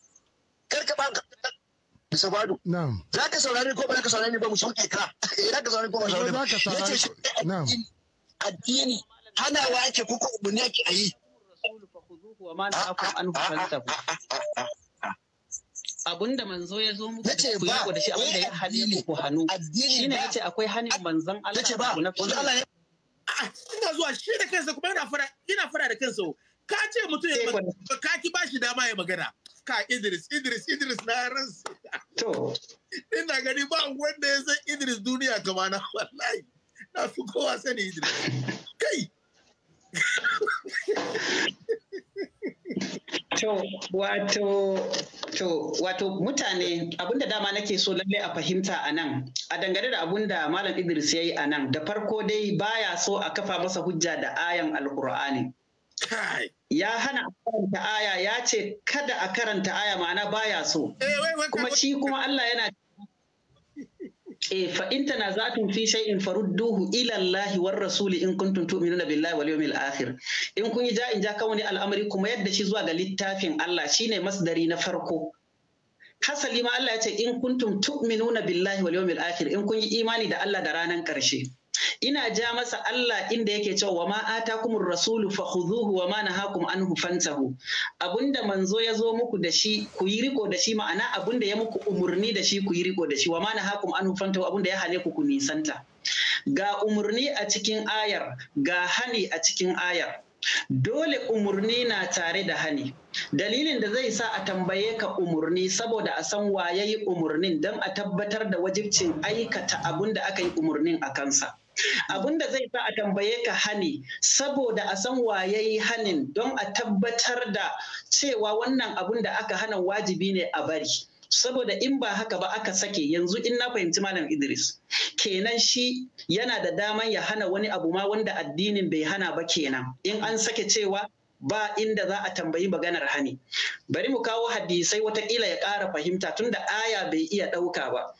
kar ka ba bisa bado za ka saurari ko ba za ka saurari ba mu shuɗe ka za ka saurari ko ba saurari ba ya ce shuɗe addini hanawa ake kuka umarni ake a yi abun da manzo ya zo muku da ku yako da shi abun da ya hane ku hannu shine yace akwai hannun manzon Allah ku na Allah ina zuwa shi da kansa kuma ina fara yana fara da kansa ka ce mutum ya ka ki ba shi dama ya magana ka Idris Idris Idris na ransa to ina gani ba wanda ya san Idris duniya kama na wallahi na fi kowa sani Idris kai To, wato, to, wato mutane abinda dama nake so lalle a fahimta a nan, a dangane da abinda Malam Idris ya yi a nan, da farko dai baya so a kafa masa hujja da ayan Alkur'ani. Kai! ya hana a karanta aya ya ce kada a karanta aya ma'ana baya so eh, kuma shi kuma Allah yana e fa in tanaza'tum fi shay'in farudduhu ila Allah war rasuli in kuntum tu'minuna billahi wal yawmil akhir in kun yi ja'in ja kawani al'amari kuma yadda shi zuwa ga littafin Allah shine masdari na farko hasali ma Allah ya ce in kuntum tu'minuna billahi wal yawmil akhir in kun yi imani da Allah da ranan karshe ina ja masa Allah inda yake cewa wa ma atakumur rasulu fakhudhuhu wa ma nahakum anhu fantahu abunda manzo ya zo muku da shi ku yi riko da shi ma'ana abunda ya muku umurni da shi ku yi riko da shi wa ma nahakum anhu fantahu abunda ya hane ku nisanta ga umurni a cikin ayar ga hani a cikin ayar dole umurni na tare da hani dalilin da zai sa a tambaye ka umurni saboda a san wa yayi umurnin don a tabbatar da wajibcin aikata abun da aka yi umurnin a kansa abin da zai sa a tambaye ka hani saboda a san waye hanin don a tabbatar da cewa wannan abin da aka hana wajibi ne a bari saboda in ba haka ba aka sake yanzu in na fahimci malam Idris kenan shi yana da daman ya hana wani abu ma wanda addinin bai hana ba kenan in an sake cewa ba inda za a tambayi maganar hani bari mu kawo hadisai watakila ya ƙara fahimta tunda aya bai iya ɗauka ba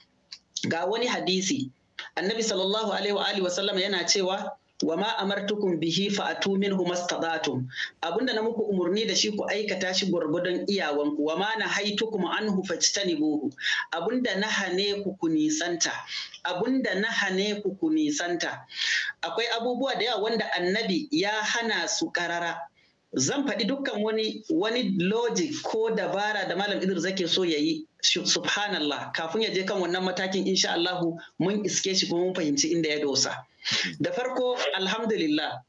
ga wani hadisi annabi sallallahu alaihi wa alihi wasallam yana cewa wa ma amartukum bihi fa'atu minhu mastata'tum abinda na muku umurni da shi ku aikata shi gurgudun iyawanku wa ma haitukum anhu fajtanibuhu abinda na hane ku ku nisanta abinda na hane ku ku nisanta akwai abubuwa da yawa wanda annabi ya hana su karara zan faɗi dukkan wani wani logic ko dabara da malam Idris zake so ya yi subhanallah kafin ya je kan wannan matakin insha Allahu mun iske shi kuma mun fahimci inda ya dosa da farko alhamdulillah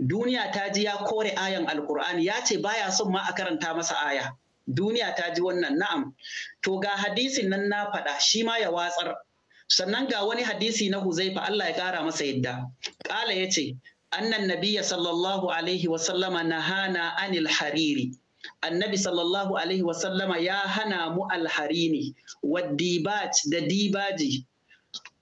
duniya ta ji ya kore ayan alkur'ani ya ce baya son ma a karanta masa aya duniya ta ji wannan na'am to ga hadisin nan na faɗa shi ma ya watsar sannan ga wani hadisi na huzaifa Allah ya ƙara masa yadda ƙala ya ce annan nabiyya sallallahu alaihi wasallama nahana anil hariri annabi sallallahu alaihi wasallama ya hana mu alharini wa dibat da dibaji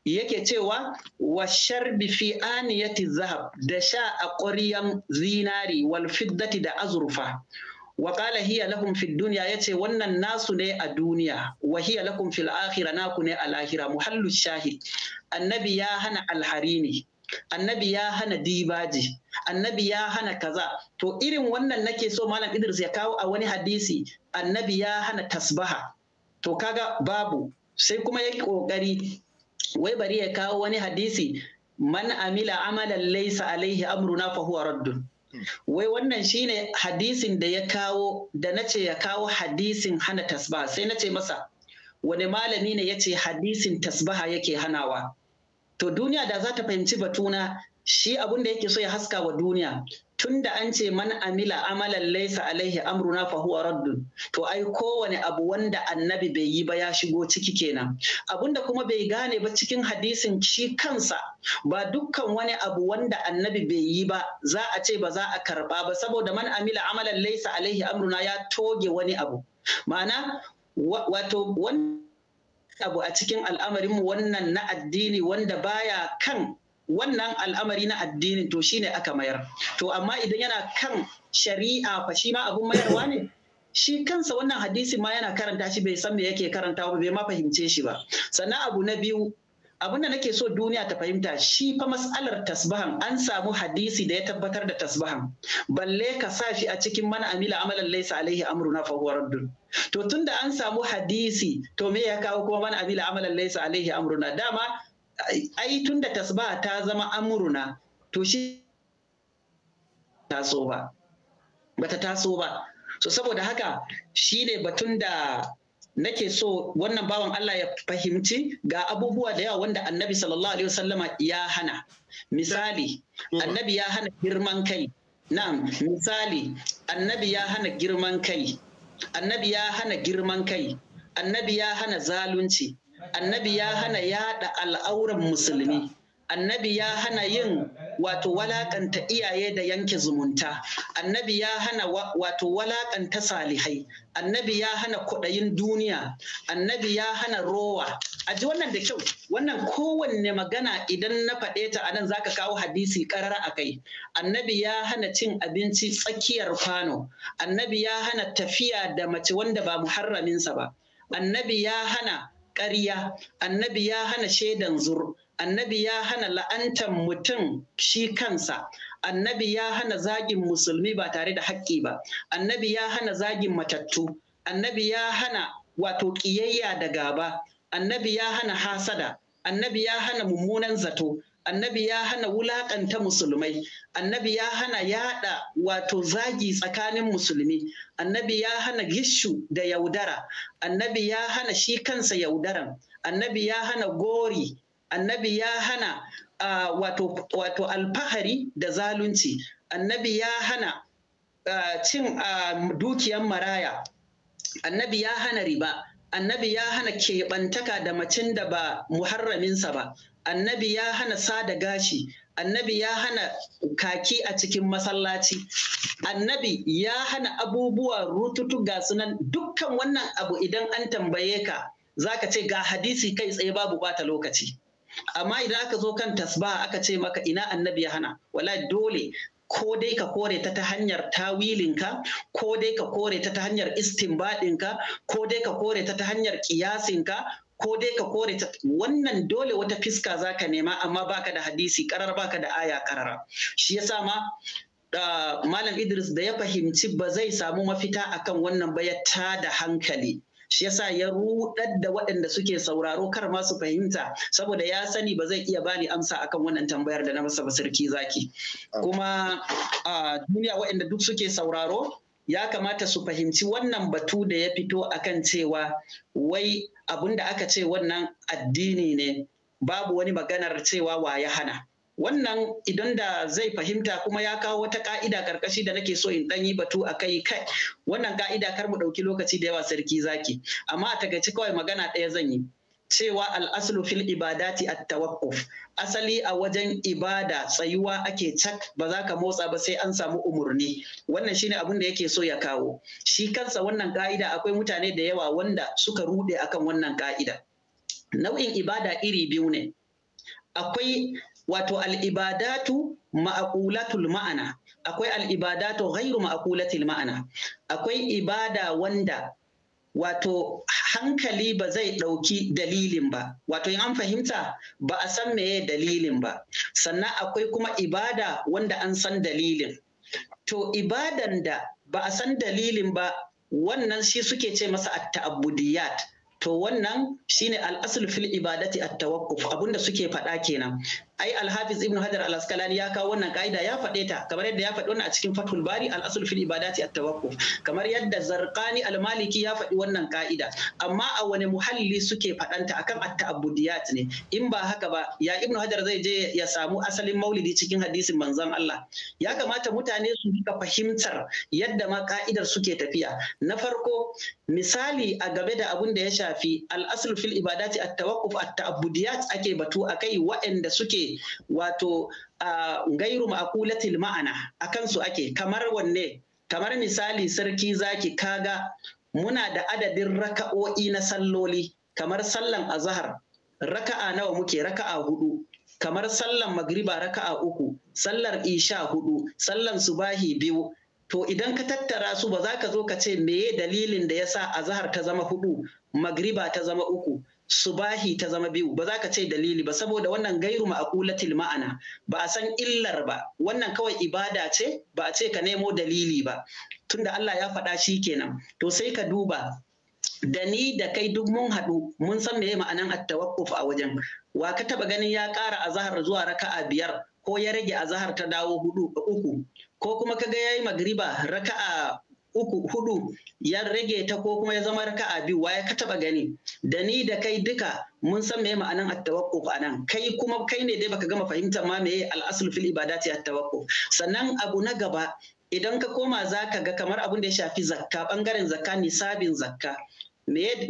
yake cewa wa sharbi fi aniyati zahab da sha a ƙwaryan zinari wal fiddati da azurfa wa qala hiya lahum fi dunya yace wannan nasu ne a duniya wa hiya lakum fil akhirah naku ne al akhirah muhallu shahid annabi ya hana alharini annabi ya hana dibaji annabi ya hana kaza to irin wannan nake so malam idris ya kawo a wani hadisi annabi ya hana tasbaha to kaga babu sai kuma ya kokari wai bari ya kawo wani hadisi man amila amalan laisa alaihi amruna fa huwa raddun hmm. wai wannan shine hadisin da ya kawo da nace ya kawo hadisin hana tasbaha sai nace masa wani malami ne yace hadisin tasbaha yake hanawa to duniya da za ta fahimci batuna shi abun da yake so ya haska wa duniya Tun da an ce man amila amalan laisa alaihi amruna fa huwa raddun to ai kowane abu wanda annabi bai yi ba ya shigo ciki kenan abunda kuma bai gane ba cikin hadisin shi kansa ba dukkan wani abu wanda annabi bai yi ba za a ce ba za a karba ba saboda man amila amalan laisa alaihi amruna ya toge wani abu ma'ana wato wani abu a cikin al'amarinmu wannan na addini wanda baya kan wannan al'amari na addini to shine aka mayar to amma idan yana kan shari'a fa shi ma abun mayarwa ne shi kansa wannan hadisi ma yana karanta shi bai san me yake karanta ba bai ma fahimce shi ba sannan abu na biyu abinda nake so duniya ta fahimta shi fa mas'alar tasbahan an samu hadisi da ya tabbatar da tasbahan balle ka sa shi a cikin mana amila amalan laysa alaihi amruna fa huwa raddun to tunda an samu hadisi to me ya kawo kuma mana amila amalan laysa alaihi amruna dama ai tunda tasbaha ta zama amruna to shi taso ba bata taso ba so saboda haka shine batun da nake so wannan bawan Allah ya fahimci ga abubuwa da yawa wanda annabi sallallahu alaihi wasallama ya hana misali mm. annabi ya hana girman kai na'am misali annabi ya hana girman kai annabi ya hana girman kai annabi ya hana zalunci annabi ya hana yada al'auran musulmi annabi ya hana yin wato walakanta iyaye da yanke zumunta annabi ya hana wato walakanta salihai annabi ya hana kudayin duniya annabi ya hana rowa a ji wannan da kyau wannan kowanne magana idan na faɗe ta anan zaka kawo hadisi karara a kai annabi ya hana cin abinci tsakiyar kwano annabi ya hana tafiya da mace wanda ba muharraminsa ba annabi ya hana ƙarya annabi ya hana shaidan zur annabi ya hana la'antar mutum shi kansa annabi ya hana zagin musulmi ba tare da haƙƙi ba annabi ya hana zagin matattu annabi ya hana wato ƙiyayya da gaba annabi ya hana hasada annabi ya hana mummunan zato annabi ya hana wulaƙanta musulmai annabi ya hana yaɗa wato zagi tsakanin musulmi annabi ya hana gishu da yaudara annabi ya hana shi kansa yaudaran annabi ya hana gori annabi ya hana wato, alfahari da zalunci annabi ya hana cin dukiyan maraya annabi ya hana riba annabi ya hana keɓantaka da macin da ba muharraminsa ba annabi ya hana sada gashi annabi ya hana kaki a cikin masallaci annabi ya hana abubuwa rututu ga sunan dukkan wannan abu idan an tambaye ka za ka ce ga hadisi kai tsaye babu bata lokaci amma idan aka zo kan tasbaha aka ce maka ina annabi ya hana wala dole ko dai ka kore ta ta hanyar tawilinka ko dai ka kore ta ta hanyar istinbadinka ko dai ka kore ta ta hanyar kiyasinka ko dai ka kore ta wannan dole wata fiska zaka nema amma baka da hadisi karar baka da aya karara shi yasa ma ah, malam Idris da ya fahimci ba zai samu mafita akan wannan ba ya da hankali shi yasa ya rudar da waɗanda suke sauraro kar ma su fahimta saboda ya sani ba zai iya bani amsa akan wannan tambayar da na masa ba sarki zaki kuma a duniya waɗanda duk suke sauraro ya kamata su fahimci wannan batu da ya fito akan cewa wai abin aka ce wannan addini ne babu wani maganar cewa wa ya hana wannan idan da zai fahimta kuma ya kawo wata ka'ida karkashi da nake so in dan yi batu a kai kai wannan ka'ida kar mu ɗauki lokaci da yawa sarki zaki amma a takaice kawai magana ɗaya zan yi cewa al'aslu fil ibadati at tawakkuf asali a wajen ibada tsayuwa ake cak ba za ka motsa ba sai an samu umurni wannan shine abin da yake so ya kawo shi kansa wannan ka'ida akwai mutane da yawa wanda suka rude akan wannan ka'ida nau'in ibada iri biyu ne akwai wato al'ibadatu ma'akulatul ma'ana akwai al'ibadatu ghairu ma'akulatul ma'ana akwai ibada wanda wato hankali ba zai ɗauki dalilin ba wato in an fahimta ba a san meye dalilin ba sannan akwai kuma ibada wanda an san dalilin to ibadan da ba a san dalilin ba wannan shi suke ce masa at-ta'abbudiyat to wannan shine al-asl fil ibadati at tawakkuf abinda suke faɗa kenan ai alhafiz ibn hajar al-asqalani ya kawo wannan ka'ida ya faɗe ta kamar yadda ya faɗi wannan a cikin fathul bari al-asl fil ibadati at-tawakkuf kamar yadda zarqani al-maliki ya faɗi wannan ka'ida amma a wani muhalli suke faɗanta akan at-ta'abbudiyat ne in ba haka ba ya ibn hajar zai je ya samu asalin maulidi cikin hadisin manzon Allah ya kamata mutane su rika fahimtar yadda ma ka'idar suke tafiya na farko misali a game da abun da ya shafi al-asl fil ibadati at-tawakkuf at-ta'abbudiyat ake batu akai waɗanda suke wato gairu ma'akulatil ma'ana a kansu ake kamar wanne kamar misali sarki zaki kaga muna da adadin raka'o'i na salloli kamar sallan azahar raka'a nawa muke raka'a hudu kamar sallan magriba raka'a uku sallar isha hudu sallan subahi biyu to idan ka tattara su ba za ka zo ka ce meye dalilin da ya sa azahar ta zama hudu magriba ta zama uku subahi ta zama biyu ba za ka ce dalili ba saboda wannan gairu ma'akulatil ma'ana ba a san illar ba wannan kawai ibada ce ba a ce ka nemo dalili ba tunda Allah ya faɗa shi kenan to sai ka duba da ni da kai duk mun haɗu mun san meye ma'anan at a wajen wa ka taba ganin ya ƙara azhar zuwa raka'a biyar ko ya rage azahar ta dawo hudu uku ko kuma ka ga yayi magriba raka'a uku hudu ya rage ta ko kuma ya zama raka'a biyu wa ka taba gani da ni da kai duka mun san meye ma'anan at a nan. kai kuma kai ne dai baka gama fahimtar ma meye al'asul fil ibadati at sannan abu na gaba idan ka koma zaka ga kamar abun da ya shafi zakka bangaren zakka nisabin zakka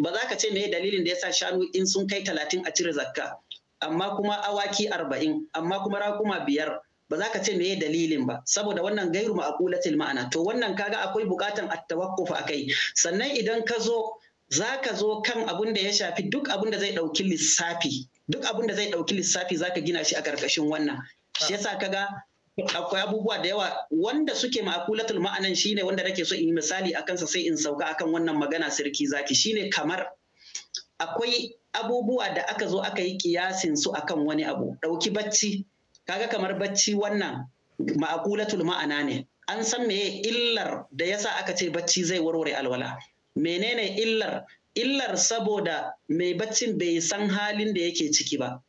ba za ka ce meye dalilin da yasa shanu in sun kai talatin a cire zakka amma kuma awaki arba'in amma kuma raƙuma biyar ba za ka ce meye dalilin ba saboda wannan gairu ma'aqulatil ma'ana to wannan kaga akwai bukatan at-tawaqquf akai sannan idan ka zo za ka zo kan abun da ya shafi duk abun da zai ɗauki lissafi duk abun da zai dauki lissafi za ka gina shi a karkashin wannan shi yasa kaga akwai abubuwa da yawa wanda suke ma'akulatul ma'anan shine wanda nake so in yi misali a kansa sai in sauka akan wannan magana sirki zaki shine kamar akwai abubuwa da aka zo aka yi kiyasin su akan wani abu ɗauki bacci kaga kamar bacci wannan ma'akulatul ma'ana ne an san meye illar da yasa aka ce bacci zai warware alwala menene illar illar saboda mai baccin bai san halin da yake ciki ba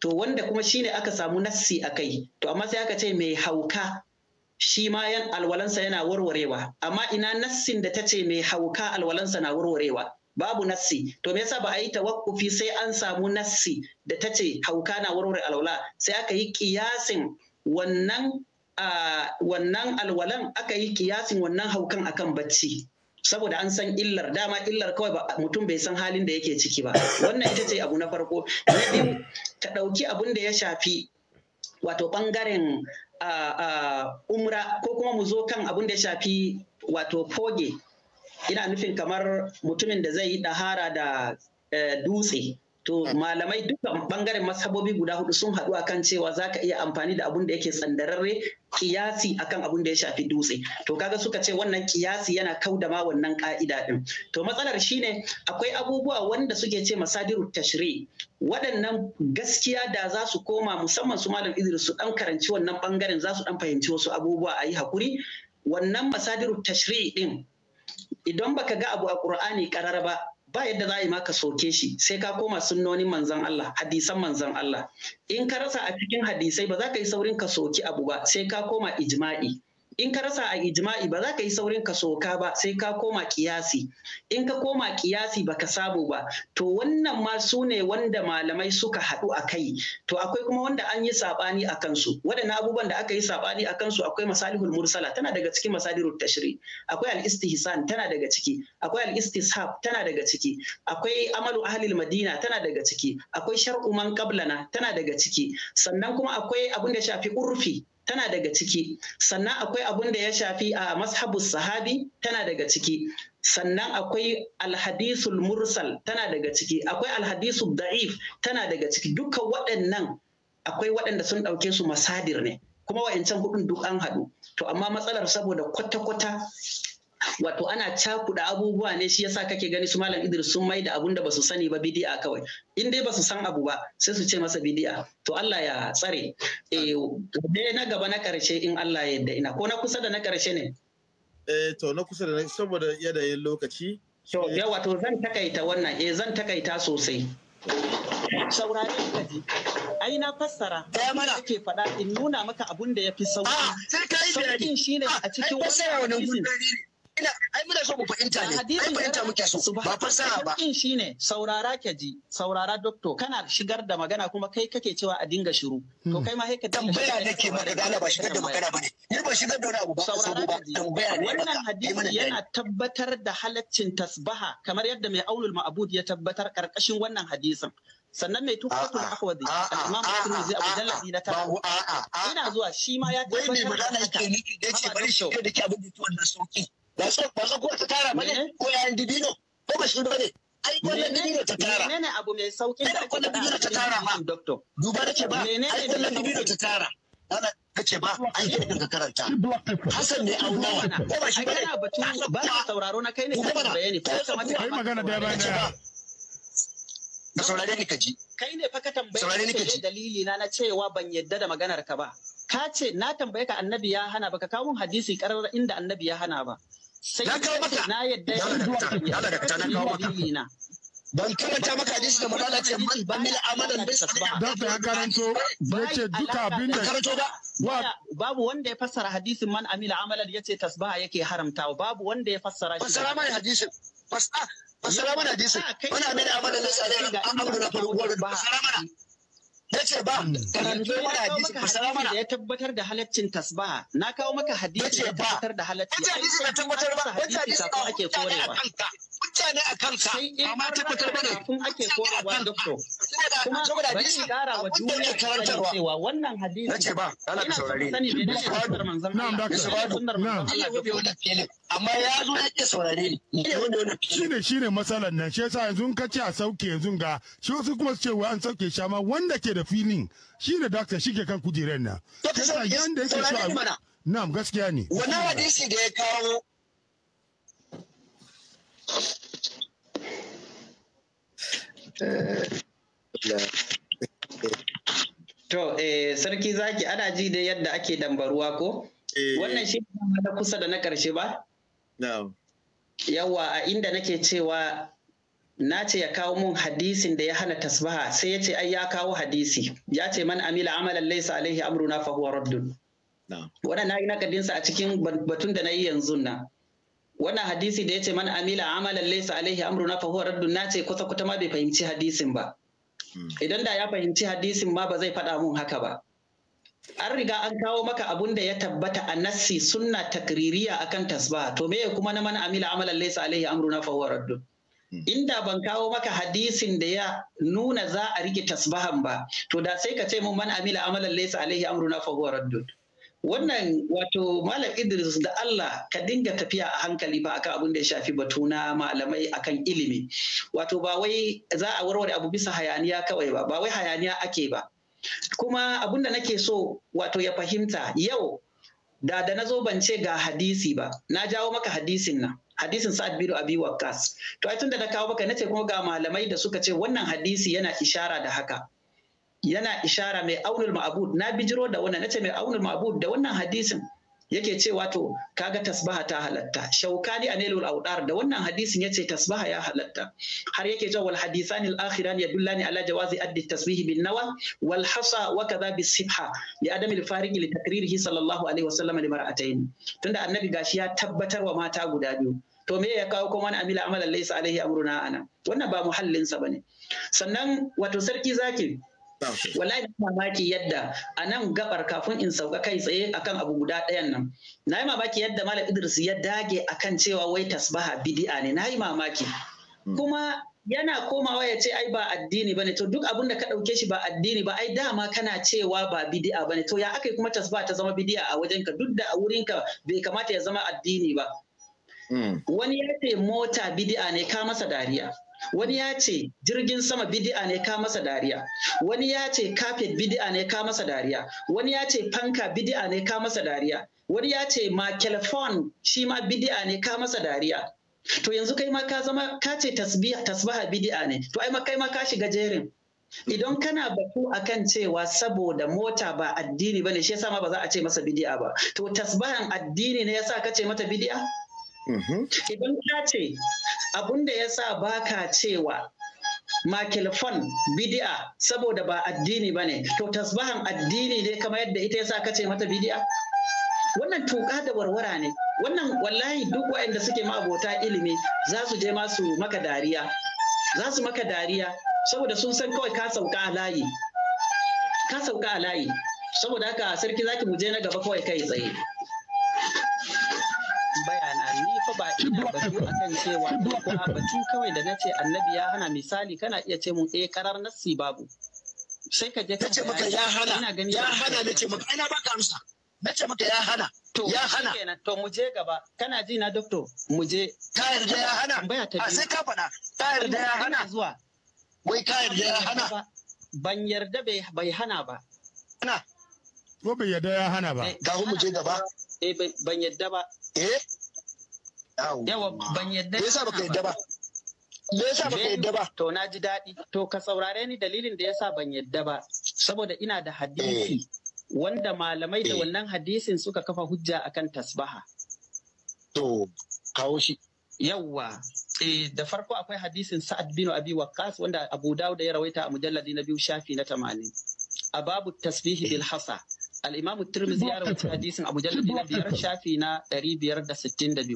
to wanda kuma shine aka samu nassi a kai to amma sai aka ce mai hauka shi ma yan alwalansa yana warwarewa amma ina nassin da ta ce mai hauka alwalansa na warwarewa babu nassi to me yasa ba a yi tawakkufi sai an samu nassi da ta ce hauka na warware alwala sai aka yi kiyasin wannan wannan alwalan aka yi kiyasin wannan haukan akan bacci saboda an san illar dama illar kawai ba mutum bai san halin da yake ciki ba wannan ita ce abu na farko na biyu ta ɗauki abin da ya shafi wato ɓangaren umra ko kuma mu zo kan abin da ya shafi wato foge ina nufin kamar mutumin da zai yi dahara da eh, dutse to hmm. malamai duka bangaren mashabobi guda hudu sun haɗu akan cewa za ka iya amfani da abun da yake tsandararre kiyasi akan abun da ya shafi dutse to kaga suka ce wannan kiyasi yana kaudama wannan ka'ida din to matsalar shine akwai abubuwa wanda suke ce masadiru tashri waɗannan gaskiya da za su koma musamman su malam idris su dan karanci wannan bangaren za su dan fahimci wasu abubuwa a yi hakuri wannan masadiru tashri din idan baka ga abu a ƙur'ani ƙarar ba ba yadda za a yi maka soke shi sai ka koma sunnonin manzan Allah hadisan manzan Allah in ka rasa a cikin hadisai ba za ka yi saurin ka soki abu ba sai ka koma ijma'i in ka rasa a ijma'i ba za ka yi saurin ka soka ba sai ka koma kiyasi in ka koma kiyasi ba ka sabo ba to wannan ma su ne wanda malamai suka haɗu a kai to akwai kuma wanda an yi saɓani a kansu waɗannan abubuwan da aka yi saɓani a kansu akwai masalihul mursala tana daga cikin masalihul tashri akwai al-istihsan tana daga ciki akwai al-istishab tana daga ciki akwai amalu ahlil madina tana daga ciki akwai shar'u man qablana tana daga ciki sannan kuma akwai abin da shafi urfi tana daga ciki sannan akwai abun da ya shafi a mashabu sahabi tana daga ciki sannan akwai alhadisul mursal tana daga ciki akwai alhadisul da'if tana daga ciki duka waɗannan akwai waɗanda sun ɗauke su masadir ne kuma wa'ancan hudun duk an haɗu to amma matsalar saboda kwata-kwata wato ana cakuda abubuwa ne shi yasa kake gani su malam Idris sun mai da abun da basu sani ba bidi'a kawai in dai basu san abu ba sai su ce masa bidi'a to Allah ya tsare eh na gaba na karshe in Allah ya yarda ina ko na kusa da na karshe ne eh to na kusa da saboda yanayin lokaci to ya wato zan takaita wannan eh zan takaita sosai saurare ka ji ai na fassara da mana ke faɗa in nuna maka abun da ya fi da ah, shi shine a cikin wannan ina ai muna so mu fahimta ne ai fahimta muke so ba fasaha ba in shine saurara ke ji saurara doctor kana shigar da magana kuma kai kake cewa a dinga shiru to hmm. kai ma tambaya nake da magana bane ni ba shigar da wani abu ba saurara wannan hadisi yana tabbatar da halaccin tasbaha kamar yadda mai aulul ma'bud ya tabbatar karkashin wannan hadisin sannan mai tufatul akwadi imam tirmidhi abu na tara ina zuwa shi ma ya tabbatar da haka wai ne magana yake bari shi da ke abin na ba so ba so ta tara ne? ko yayin dibino ko ba shi ai kwallon dibino ta tara menene abu mai da kwallon dibino ta tara ma doctor duba ba ai kwallon dibino ta tara ana kace ba karanta hasan ne ko ba shi ba sauraro na ne ka bayani ko magana da bayani saurare ni ka ji kai ne fa ka tambaye ni dalili na na cewa ban yadda da maganar ba ka ce na tambaye ka annabi ya hana ba ka kawo hadisi karar inda annabi ya hana ba Sai kawo maka na yadda ya zuwa na ban karanta maka hadisi da magana ce man ban mil amalan bis dan ya karanto bai duka abin da karanto ba babu wanda ya fassara hadisin man amila amalan yace tasbaha yake haramtawa babu wanda ya fassara shi fassara mai hadisin fassara mana hadisin wani amila amalan bis an amuna faruwar fassara mana ta ce ba hmm. karanto mana hadisi fasara mana ya tabbatar da halaccin tasba. na kawo maka hadisi ya tabbatar da halaccin ta ce ba tabbatar ba wata hadisi ko ake korewa mutane a kanka amma tabbatar mana kun ake korewa doctor kuma saboda hadisi kara wa duniya karantarwa cewa wannan hadisi ce ba Allah ka saurare ni na'am doctor sunnar manzon Allah gobe wannan filin amma ya zo yake saurare ni shine shine matsalar nan shi yasa yanzu ka ce a sauke yanzu ga shi wasu kuma su ce wa an sauke shi amma wanda ke da filin shi da dakta shi ke kan kujerar nan kasa yanda yake cewa na'am gaskiya ne wani hadisi da ya kawo To, eh, sarki zaki ana ji da yadda ake dambaruwa ko? Eh. Wannan shi na kusa da na ƙarshe ba? Yawa a inda nake cewa na ce ya kawo mun hadisin da ya hana tasbaha sai ya ce ai ya kawo hadisi ya ce man amila amalan laysa alaihi amruna fa huwa raddun wannan na yi nakadinsa a cikin batun da na yi yanzu na wannan hadisi da ya ce man amila amalan laysa alaihi amruna fa huwa raddun na ce kusa kuta ma bai fahimci hadisin ba hmm. idan da ya fahimci hadisin ma ba zai faɗa mun haka ba an riga an kawo maka abun da ya tabbata a nassi sunna takririya akan tasbaha to me kuma na man amila amalan laysa alaihi amruna fa huwa raddun Mm. inda ban kawo maka hadisin da ya nuna za a rike tasbahan ba to da sai ka ce mun man amila amalan laysa alaihi amruna fa huwa raddud wannan wato malam idris da allah ka dinga tafiya a hankali ba akan abin da ya shafi batuna malamai akan ilimi wato ba wai za a warware abu bisa hayaniya kawai ba ba wai hayaniya ake ba kuma abin da nake so wato ya fahimta yau da da na zo ban ce ga hadisi ba na jawo maka hadisin nan hadisin sa'ad bin abi waqqas to ai tunda na kawo baka nace kuma ga malamai da suka ce wannan hadisi yana ishara da haka yana ishara mai aunul ma'abud. na bijiro da wannan nace mai aunul ma'abud da wannan hadisin yake cewa to kaga tasbaha ta halatta shaukani nelul audar da wannan hadisin ya ce tasbaha ya halatta har yake cewa wal ya al ne yadullani ala jawazi addi tasbihi. bin nawa wal hasa wa kadha bis sibha li adam al fariqi li takririhi sallallahu alaihi wasallam li mar'atayn tunda annabi gashi ya tabbatar wa mata guda biyu to me ya kawo kuma amila amalan laysa alaihi amruna ana wannan ba muhallin sa ne. sannan wato sarki zaki wallahi na mamaki yadda a nan gabar kafin in sauka kai tsaye akan abu guda ɗayan nan na yi mamaki yadda malam idris ya dage akan cewa wai tasbaha bidi'a ne na yi mamaki hmm. kuma yana komawa ya ce ai ba addini bane to duk abin da ka ɗauke shi ba addini ba ai dama kana cewa ba bidi'a bane to ya aka kuma tasbaha ta zama bidi'a a wajenka duk da a ka bai kamata ya zama addini ba hmm. wani ya ce mota bidi'a ne ka masa dariya wani ya ce jirgin sama bidi'a ne ka masa dariya wani ya ce kafet bidi'a ne ka masa dariya wani ya ce fanka bidi'a ne ka masa dariya wani ya ce ma telefon shi ma bidi'a ne ka masa dariya to yanzu kai ma ka zama ka ce tasbaha bidi'a ne to ai ma kai ma ka shiga jerin Idan kana batu akan cewa saboda mota ba addini bane shi yasa ma ba za a ce masa bidi'a ba. To tasbahan addini ne yasa ka ce mata bidi'a? Mm-hmm. Idan ka ce abin da ya sa baka cewa makilfon bidi'a saboda ba addini ba ne, to tasbahan addini ne kama yadda ita ya sa ka ce mata bidi'a? Wannan tuka da warwara ne, wannan wallahi duk waɗanda suke abota ilimi za su je masu maka dariya, za su maka dariya saboda sun san kawai ka sauka a layi. Ka sauka a layi, saboda haka sarki zaki mu je na gaba kawai kai tsaye. ba ina batu akan cewa ko a batu kawai da nace annabi ya hana misali kana iya ce mun eh karar nassi babu sai ka je ka ce maka ya hana ya hana nace maka baka amsa nace maka ya hana To, ya hana. to mu je gaba. Kana ji na Mu je. Ka yarda ya hana. Tambaya ta ah, sai ka Ka yarda ya hana. Zuwa. Wai ka yarda ya hana. Ban yarda bai hana ba. Hana. Ko bai yarda ya hana ba. Ga mu je gaba. Eh ban yarda ba. Eh. yawa ban yadda me yasa baka yadda ba me yasa baka yadda ba to na ji daɗi to ka saurare ni dalilin da yasa ban yadda ba saboda ina da hadisi eh. wanda malamai da eh. wannan hadisin suka kafa hujja akan tasbaha to kawo shi yawwa e, da farko akwai hadisin sa'ad bin abi waqqas wanda abu dawud ya rawaita a mujalladi na biyu shafi na 80 a babu tasbihi bil hasa al-imam tirmidhi ya rawaita hadisin a mujalladi na biyar shafi na 562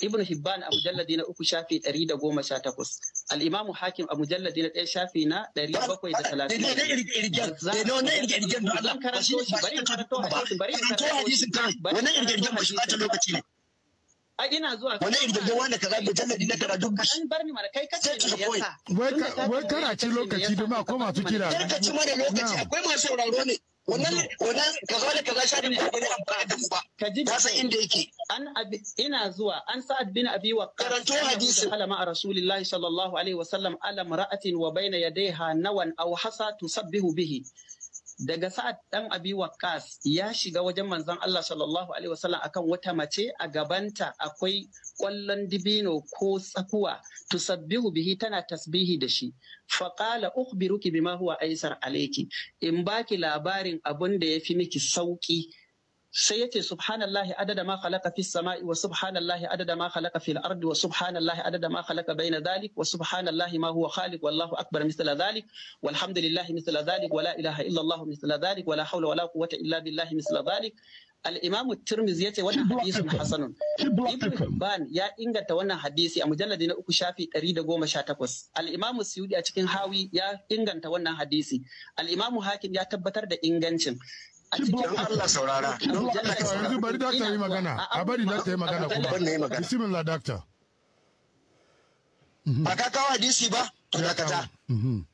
ibn hibban a mujalladi na uku shafi ɗari da goma sha takwas al'imamu hakim a mujalladi na ɗaya shafi na ɗari bakwai da talatin zan karanto shi bari in karanto hadisin bari in ba? shi bari in karanto hadisin a ina zuwa wani irgirgin wanda ka zaɓi jannadi na kara duk an bar ni mana kai kace ne yasa wai karaci lokaci da ma ko masu kira lokaci akwai masu sauraro ne wannan wannan kaza da kaza shadi da ba amfani da mu ba ka san inda yake an ina zuwa an sa'ad bin abi wa karanto hadisi alama a rasulillahi sallallahu alaihi wa sallam, ala mar'atin wa baina yadayha nawan aw hasa tusabbihu bihi daga sa'ad dan abi waqqas ya shiga wajen manzon Allah sallallahu alaihi wasallam akan wata mace a gabanta akwai kwallon dibino ko tsakuwa tusabbihu bihi tana tasbihi da shi qala ukhbiruki bima huwa aisar alayki in baki labarin abun da yafi miki sauki sai yace subhanallahi adada ma khalaqa fis sama'i wa subhanallahi adada ma khalaqa fil ardi wa subhanallahi adada ma khalaqa baina dhalik wa subhanallahi ma huwa khaliq wallahu akbar mithla dhalik walhamdulillahi mithla dhalik wa la ilaha illa allah mithla dhalik wa la hawla wa la quwwata illa billahi mithla dhalik al-imamu tirmizi yace wannan hadisin hasanun ibn ban ya inganta wannan hadisi a mujalladi na uku shafi 118 al-imamu suyudi a cikin hawi ya inganta wannan hadisi al-imamu hakim ya tabbatar da ingancin don Allah saurara don Allah ka saurara yanzu bari dakta yi magana a bari dakta yi magana kuma bismillah dakta ba ka kawo hadisi ba to dakata mm-hmm.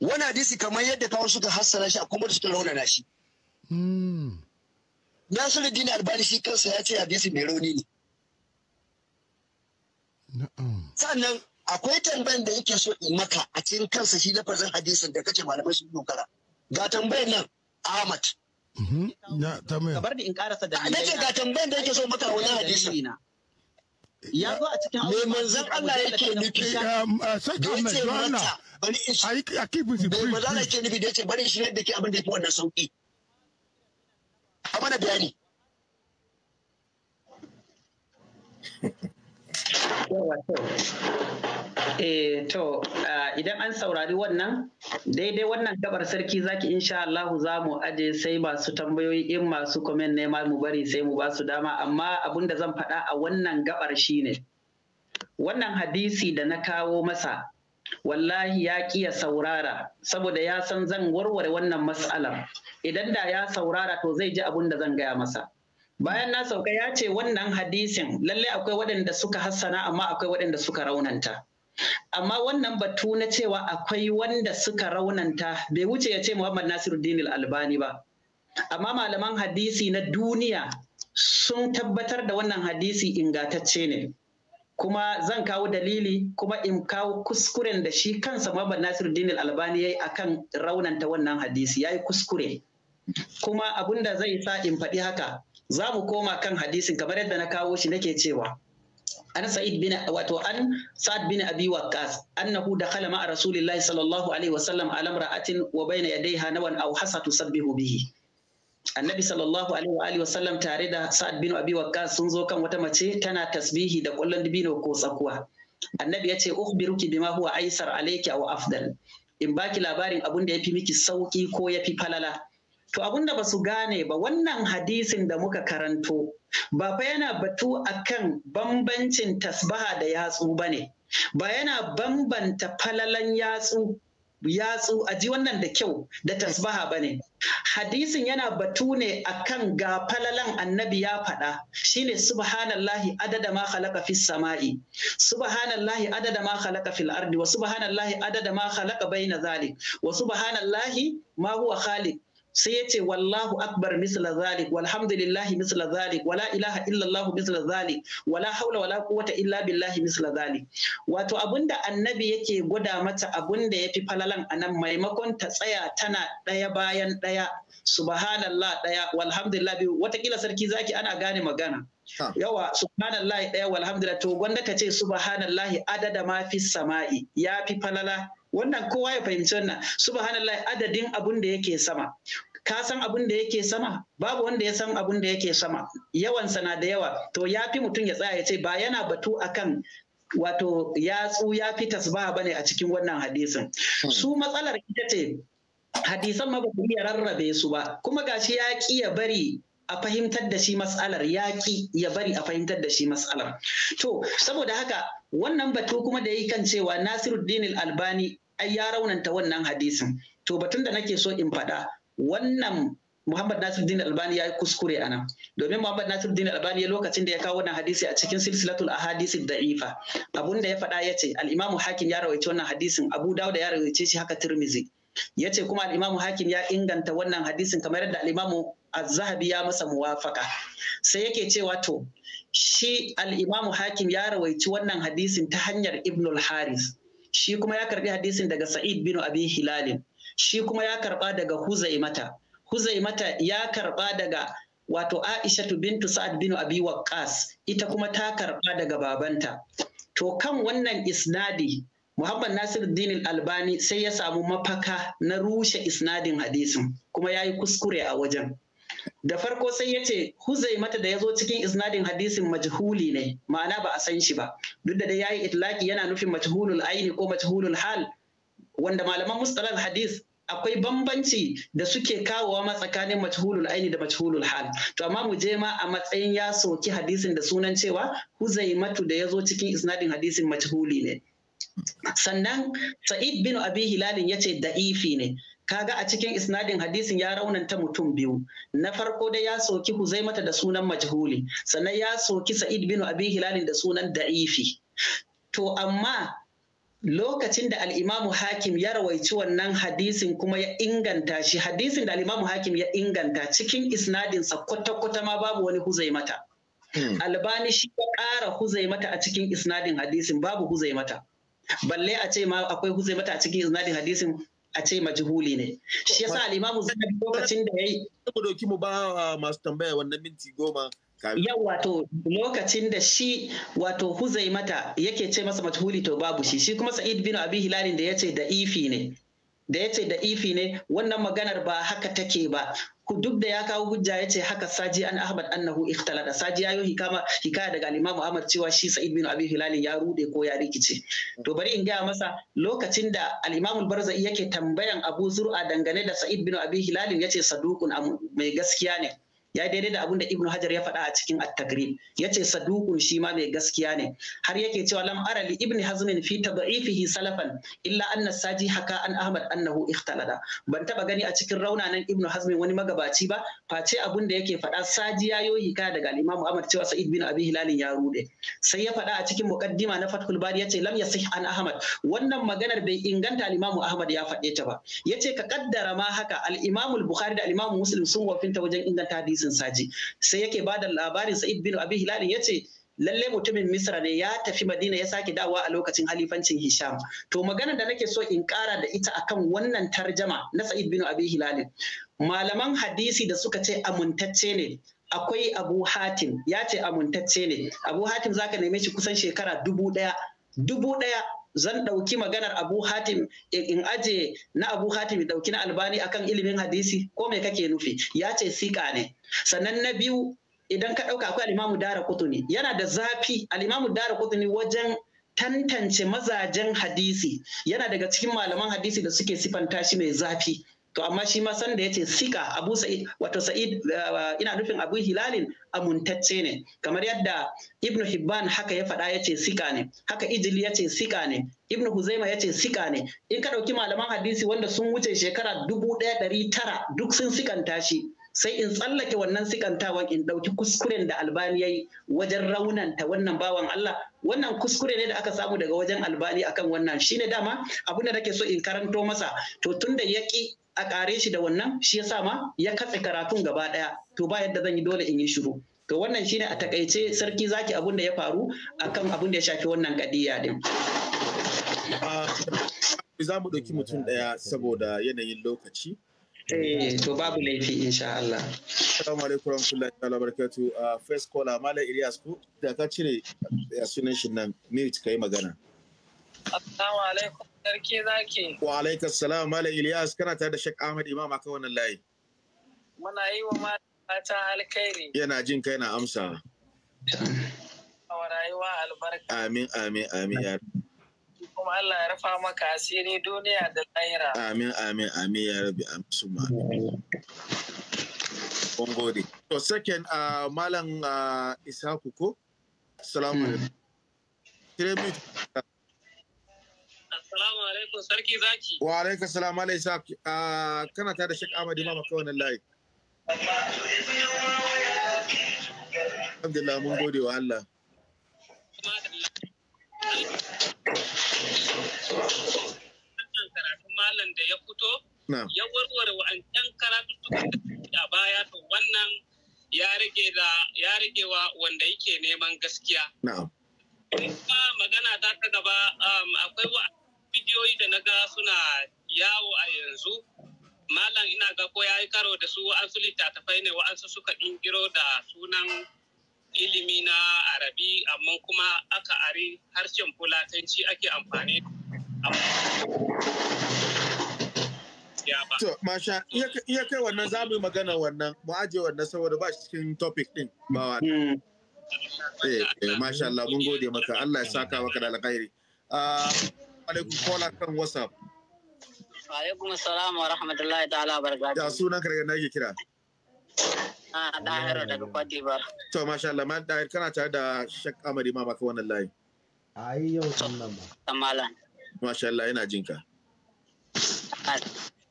wani hadisi kamar yadda kawo suka hassara shi a kuma da suka raunana shi mm. Nasiru Dini Albani shi kansa ya ce hadisi mai rauni ne. Sannan akwai tambayan da yake so in maka a cikin kansa shi lafazin hadisin da kace malamai sun dogara. Ga tambayan nan Ahmad. Mhm. Na tambaya. Kabar ni in karasa da Nake ga tambayan da yake so maka wani hadisi. Ya zo a cikin Allah. Me manzon Allah yake nufi? Saka Ahmad Johanna. Bari in shi. A keep it brief. Me manzon Allah yake nufi da yake bari shi da ke abin da yake wannan sauki. Amana bayani. Eh to idan an saurari wannan daidai wannan gabar sarki zaki insha Allah za mu aje sai masu tambayoyi in masu komen ne ma mu bari sai mu ba su dama amma abin da zan faɗa a wannan gabar shine wannan hadisi da na kawo masa wallahi ya kiya saurara saboda ya san zan warware wannan matsalar idan da ya saurara to zai ji abin da zan gaya masa bayan na sauka ya ce wannan hadisin lallai akwai waɗanda suka hassana amma akwai waɗanda suka raunanta amma wannan batu na cewa akwai wanda suka raunanta bai wuce ya ce muhammad nasiruddin albani ba amma malaman hadisi na duniya sun tabbatar da wannan hadisi ingatacce ne kuma zan kawo dalili kuma in kawo kuskuren da shi kansa muhammad nasiruddin albani ya yi akan raunanta wannan hadisi ya yi kuskure kuma abinda zai sa in faɗi haka za mu koma kan hadisin kamar yadda na kawo shi nake cewa an sa'id bin wato an sa'ad bin abi waqqas annahu dakhala ma'a rasulillahi sallallahu alaihi wa sallam ala imra'atin wa bayna yadayha nawan aw hasatu tusabbihu bihi annabi sallallahu alaihi wa sallam tare da sa'ad bin abi waqqas sun zo kan wata mace tana tasbihi da kullun dibino ko tsakuwa annabi ya ce ukhbiruki bima huwa aisar alayki aw afdal in baki labarin abun da yafi miki sauki ko yafi falala To abinda ba su gane ba wannan hadisin da muka karanto ba fa yana batu akan bambancin tasbaha da yatsu ba ne, ba yana bambanta falalan yatsu yatsu a ji wannan da kyau da tasbaha ba ne. Hadisin yana batu ne akan ga falalan annabi ya faɗa shine subhanallahi adada ma khalaqa fis sama'i subhanallahi adada ma khalaqa fil ardi wa subhanallahi adada ma khalaqa baina zali. wa subhanallahi ma huwa khaliq sai ya ce wallahu akbar misla zalik walhamdulillahi misla zalik wala ilaha illallah misla zalik wala haula wala quwwata illa billahi misla zalik wato abinda annabi yake gwada mata abinda yafi falalan anan maimakon ta tsaya tana daya bayan daya subhanallah daya walhamdulillah biyu watakila sarki zaki ana gane magana yawa subhanallah daya walhamdulillah to gwanda ka ce subhanallah adada ma fi sama'i ya fi falala wannan kowa ya fahimci wannan subhanallah adadin abun da yake sama ka san abin da yake sama babu wanda ya san abin da yake sama yawan sana da yawa to ya fi mutum ya tsaya ya ce ba yana batu akan wato yatsu ya fi ba ne a cikin wannan hadisin hmm. su matsalar ita ce hadisan ma ya rarrabe su ba kuma gashi ya ki ya bari a fahimtar da shi matsalar ya ki ya bari a fahimtar da shi matsalar to saboda haka wannan batu kuma da yi kan cewa nasiruddin albani ai ya raunanta wannan hadisin to batun da nake so in faɗa wannan Muhammad Nasiruddin Albani ya yi kuskure a nan domin Muhammad Nasiruddin Albani ya lokacin da ya kawo wannan hadisi a cikin silsilatul ahadisi da'ifa abun da ya faɗa ya ce al-Imam Hakim ya rawaice wannan hadisin Abu Dawud ya rawaice shi haka Tirmizi ya ce kuma al-Imam Hakim ya inganta wannan hadisin kamar yadda al-Imam Az-Zahabi ya masa muwafaka sai yake cewa to shi al-Imam Hakim ya rawaici wannan hadisin ta hanyar Ibnul haris shi kuma ya karbi hadisin daga Sa'id bin Abi Hilalin shi kuma ya karba daga Huzai mata. Huzai mata ya karba daga wato Aishatu bintu Sa'ad bin Abi Waqqas ita kuma ta karba daga babanta to kan wannan isnadi Muhammad Nasiruddin Albani sai ya samu mafaka na rushe isnadin hadisin kuma ya yi kuskure a wajen. Da farko sai ya ce Huzai mata da ya zo cikin isnadin hadisin majhuli ne ma'ana ba a san shi ba duk da dai yayi itlaki yana nufin majhulul aini ko majhulul hal wanda malaman mustalah hadis akwai bambanci da suke kawowa ma tsakanin majhulul aini da majhulul hal to amma mu je ma a matsayin ya soki hadisin da sunan cewa huzaimatu da ya zo cikin isnadin hadisin majhuli ne sannan sa'id bin abi hilalin ya ce da'ifi ne kaga a cikin isnadin hadisin ya raunanta mutum biyu na farko dai ya soki huzaimata da sunan majhuli sannan ya soki sa'id bin abi hilalin da sunan da'ifi to amma lokacin da al'imamu hakim ya rawaici wannan hadisin kuma ya inganta shi hadisin da al'imamu hakim ya inganta cikin isnadinsa kwata-kwata ma babu wani huzai mata hmm. albani shi ya ƙara huzai mata a cikin isnadin hadisin babu huzai mata balle a ce ma akwai huzai mata a cikin isnadin hadisin a ce ma jihuli ne shi yasa al'imamu zahabi lokacin da ya mu doki mu ba masu tambaya wannan minti goma yau wato lokacin da shi wato huzai mata yake ce masa matuhuli to babu shi shi kuma sa'id bin abi hilalin da ya ce da ifi ne da ya ce da ifi ne wannan maganar ba haka take ba ku duk da ya kawo hujja ya ce haka saji an ahmad annahu da saji ya yi hikama hikaya daga alimamu ahmad cewa shi sa'id bin abi hilalin ya rude ko ya rikice to bari in gaya masa lokacin da Alimamul barzai yake tambayan abu zur'a dangane da sa'id bin abi hilalin ya ce saduqun mai gaskiya ne ya daidai da abin da ibnu hajar ya faɗa a cikin at-tagrib yace saduqun shi ma mai gaskiya ne har yake cewa lam ara li ibni hazmin fi tad'ifihi salafan illa anna saji haka an ahmad annahu ikhtalada ban taba gani a cikin raunanan ibnu hazmin wani magabaci ba face abin da yake faɗa saji yayo hika daga al ahmad cewa sa'id bin abi hilalin ya rude sai ya faɗa a cikin muqaddima na fathul bari yace lam yasih an ahmad wannan maganar bai inganta al ahmad ya faɗe ta ba yace ka kaddara ma haka al imamu al-bukhari da al imamu muslim sun wafinta wajen inganta hadisi hadisin saji sai yake ba da labarin sa'id bin abi hilalin ya ce lalle mutumin misra ne ya tafi madina ya sake dawa a lokacin halifancin hisham to magana da nake so in kara da ita akan wannan tarjama na sa'id bin abi hilalin malaman hadisi da suka ce amintacce ne akwai abu hatim ya ce amintacce ne abu hatim zaka neme shi kusan shekara dubu daya dubu daya zan ɗauki maganar abu hatim in aje na abu hatim ɗauki na albani akan ilimin hadisi ko me kake nufi ya ce siƙa ne sannan na biyu idan ka ɗauka akwai alimamu dara kutuni yana da zafi alimamu dara kutuni wajen tantance mazajen hadisi yana daga cikin malaman hadisi da suke sifanta shi mai zafi to amma shi ma sanda ya ce sika abu sa'id wato sa'id eh, ina nufin abu hilalin amuntacce ne kamar yadda ibnu hibban haka ya faɗa ya ce sika ne haka ijili ya ce sika ne ibnu huzaima ya ce sika ne in ka ɗauki malaman hadisi wanda sun wuce shekara dubu ɗaya ɗari tara duk sun sikanta shi sai in tsallake wannan sikantawan in ɗauki kuskuren da albani ya yi wajen raunanta wannan bawan Allah wannan kuskure ne da aka samu daga wajen albani akan wannan shine dama abin da nake so in karanto masa to tunda da a ƙare shi da wannan shi ya sa ma ya katse karatun gaba ɗaya to ba yadda zan yi dole in yi shiru to wannan shine a takaice sarki zaki abin da ya faru akan abin da ya shafi wannan kadiya din ah, za mu ɗauki mutum ɗaya saboda yanayin lokaci eh, to babu laifi insha Allah. Assalamu alaikum warahmatullahi ta'ala barakatu. Ah, first caller Malam Ilyas ku da ka cire sunan shi nan mute kai magana. Assalamu alaikum. sarki zaki. Wa alaikas salam Malam Ilyas kana tare da Sheikh Ahmad Imam akan wannan layi. Muna yi wa mata alkhairi. Yana jin kai na amsa. Wa rayuwa albarka. Amin amin amin ya kuma Allah ya rufa maka asiri duniya da lahira. Amin amin amin ya rabi amsu ma. Kun gode. To second uh, Malam uh, Isaku ko? Assalamu alaikum. Mm. Assalamu alaikum sarki zaki. Wa alaikum salam alai sa ah, kana ta da Sheikh Ahmad Imam kawai nan layi. Alhamdulillah mun gode wa Allah. karatun malam da ya fito ya warware wa'ancan karatuttukan da baya to wannan ya rage da ya rage wa wanda yake neman gaskiya. Na'am. magana ta ta gaba um, akwai wa bidiyoyi da na ga suna yawo a yanzu malam ina ga ko ya yi karo da su wa'ansu littattafai ne wa'ansu suka ɗingiro da sunan ilimi na arabi amma kuma aka ari harshen fulatanci ake amfani To, masha, iya kai wannan za mu yi magana wannan, mu ajiye wannan saboda ba shi cikin topic ɗin ba wannan. Hmm. Eh, eh, masha Allah, mun gode maka, Allah ya saka maka da alkhairi. Ah, alaikum kola kan WhatsApp. Alaikum salam wa rahmatullahi ta'ala barakatuh. Ya sunan ka daga na yake kira. a ah, Dahiru daga Kwadibar. To masha Allah man Dahir kana tare da Shek Amadi ma baka wannan layi. Ai yau sannan ba. Kamala. Masha Allah ina jinka. Ah,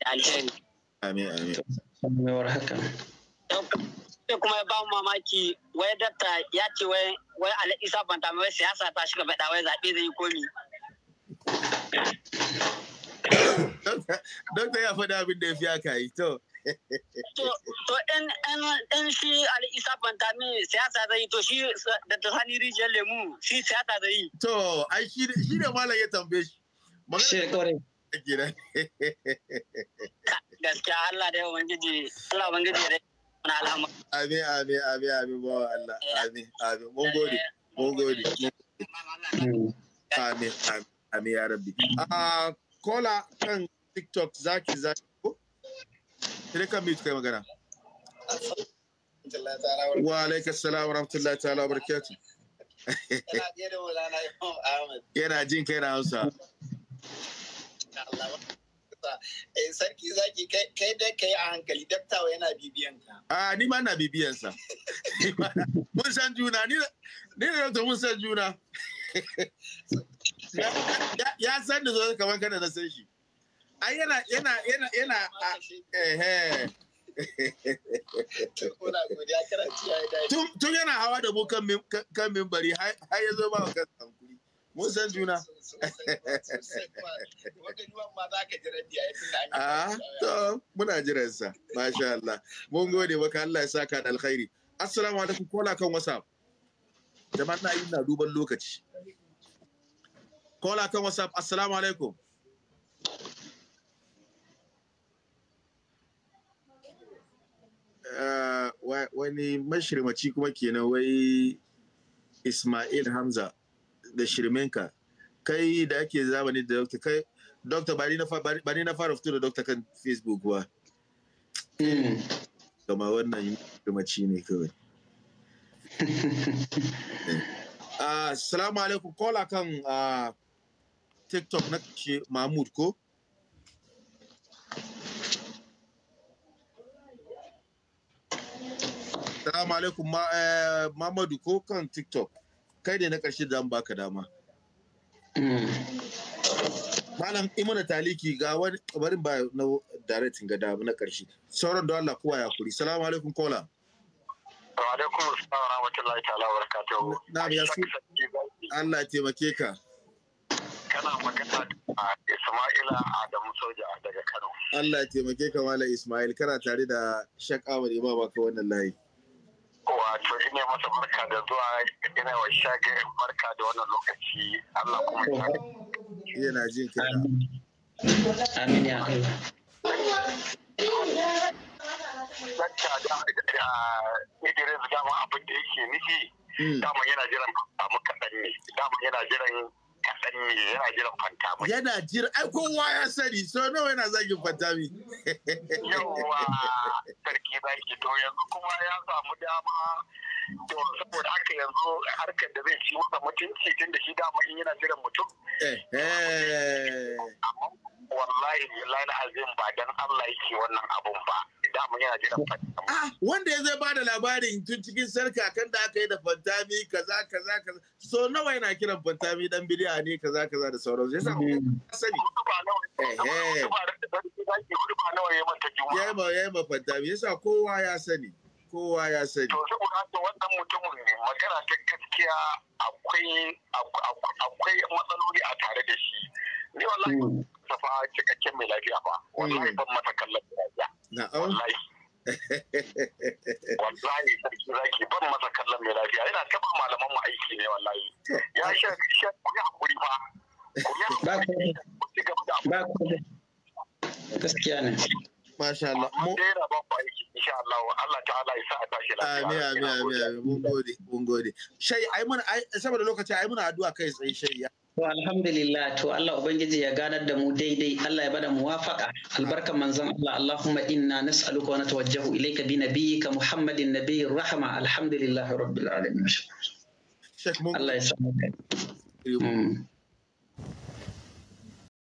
alheri. Amin amin. Sannan war sai kuma ya ba mu mamaki wai datta ya ce wai wai Alisa Bantama wai siyasa ta shiga faɗa wai zaɓe zai yi komi. Dokta ya faɗa abin da ya fi aka yi to. To in shi Ali Isa Fantami siyasa zai yi to shi da ta sani rijiyar lemu shi siyasa zai yi. To ai shi da malam ya tambaye shi. Shekore. Gaskiya Allah da yawan gidi Allah ban gidi da Amin amin amin amin bawa Allah amin amin mun gode mun gode. Eh. Hmm. Amin amin. Amin ya rabbi. Mm-hmm. Ah, kola kan TikTok zaki zaki ko? Sai kan mute kai magana. Wa alaika salam wa rahmatullahi ta'ala wa barakatuh. Yana jin kai na Hausa. Eh, sarki zaki kai dai kai a hankali daktawa yana bibiyan ka. A ah, ni ma na bibiyansa. Mun san juna ni da mun san juna. ya san da zo kamar kada na san shi ai yana yana yana yana eh tun yana hawa da mu kan mimbari har ya zo ba wa kansa hankuri mun san juna to muna jiran sa masha Allah mun gode maka Allah ya saka da alkhairi assalamu alaikum kola kan whatsapp jama'a na yi na duban lokaci Kola kan WhatsApp, Assalamu alaikum. Uh, wani mashirmaci kuma kenan wai Ismail Hamza da shirminka. Kai da ake zamani da Dokta, kai Dokta ba ni na fara fito da Dokta kan Facebook ba. Hmm. Gama wannan mashirmaci ne kawai. Eh. Ah, salamu alaikum, kola kan ah, tiktok na ke mahmud ko salamu alaikum ma, eh, mamadu ko kan tiktok kai ne na ƙarshe da an baka dama malam imana taliki ga wani barin ba na directing ga damu na ƙarshe sauran da Allah kowa ya kuri salamu alaikum kola wa alaikum assalam wa rahmatullahi ta'ala wa barakatuhu na ya su Allah ya taimake ka kana magana da Ismaila Adamu Soja daga Kano. Allah ya taimake ka Malam Ismail kana tare da Shakawar Imama ka wannan layi. Wato ina masa barka da zuwa ina wa shage barka da wannan lokaci Allah kuma ya Yana jin ka. Amin ya Zan Dakta da Idris dama abin da yake nufi hmm. dama yana jiran ba mu kaɗan ne dama yana jiran kaɗan ne yana jiran jira, ai kowa ya sani, so nawa yana zagin fantami. Yawwa, sarki zaki to yanzu kuma ya samu dama to saboda haka yanzu harkar da zai ci masa mutunci tun da shi dama in yana jiran mutum eh, eh. wallahi billahi azim ba dan Allah yake wannan abun ba dama yana jiran fanta ah, wanda ya zai bada labarin tun cikin sarka kan da aka yi da fantami kaza kaza kaza so nawa yana kiran fantami dan biliya ne kaza kaza da sauransu zai mm. sani ba nawa ya eh, manta ma fantami? Ya sa yasa kowa ya sani kowa ya sani to saboda haka wannan mutumin magana ta gaskiya akwai akwai matsaloli a tare da shi ni wallahi hmm. fa cikakken mai lafiya ba wallahi ban hmm. mata kallon lafiya wallahi wallahi sarki zaki ban masa kallon mai lafiya yana ba malaman mu aiki ne wallahi ya sha sha ku ya hakuri fa ku yi hakuri ba ku gaskiya ne Masha Allah. Amma dai yana ba ku aiki insha Allah Allah ta'ala ya sa a tashi lafiya. Amin amin amin mun gode mun gode. Shai ai mun saboda lokaci ai muna addu'a kai tsaye shai ya. To alhamdulillah to Allah ubangiji ya ganar da mu daidai Allah ya bada muwafaqa albarkan manzon Allah Allahumma inna nas'aluka wa natawajjahu ilayka bi nabiyyika Muhammadin nabiyyir rahma alhamdulillah rabbil alamin. Allah ya samu.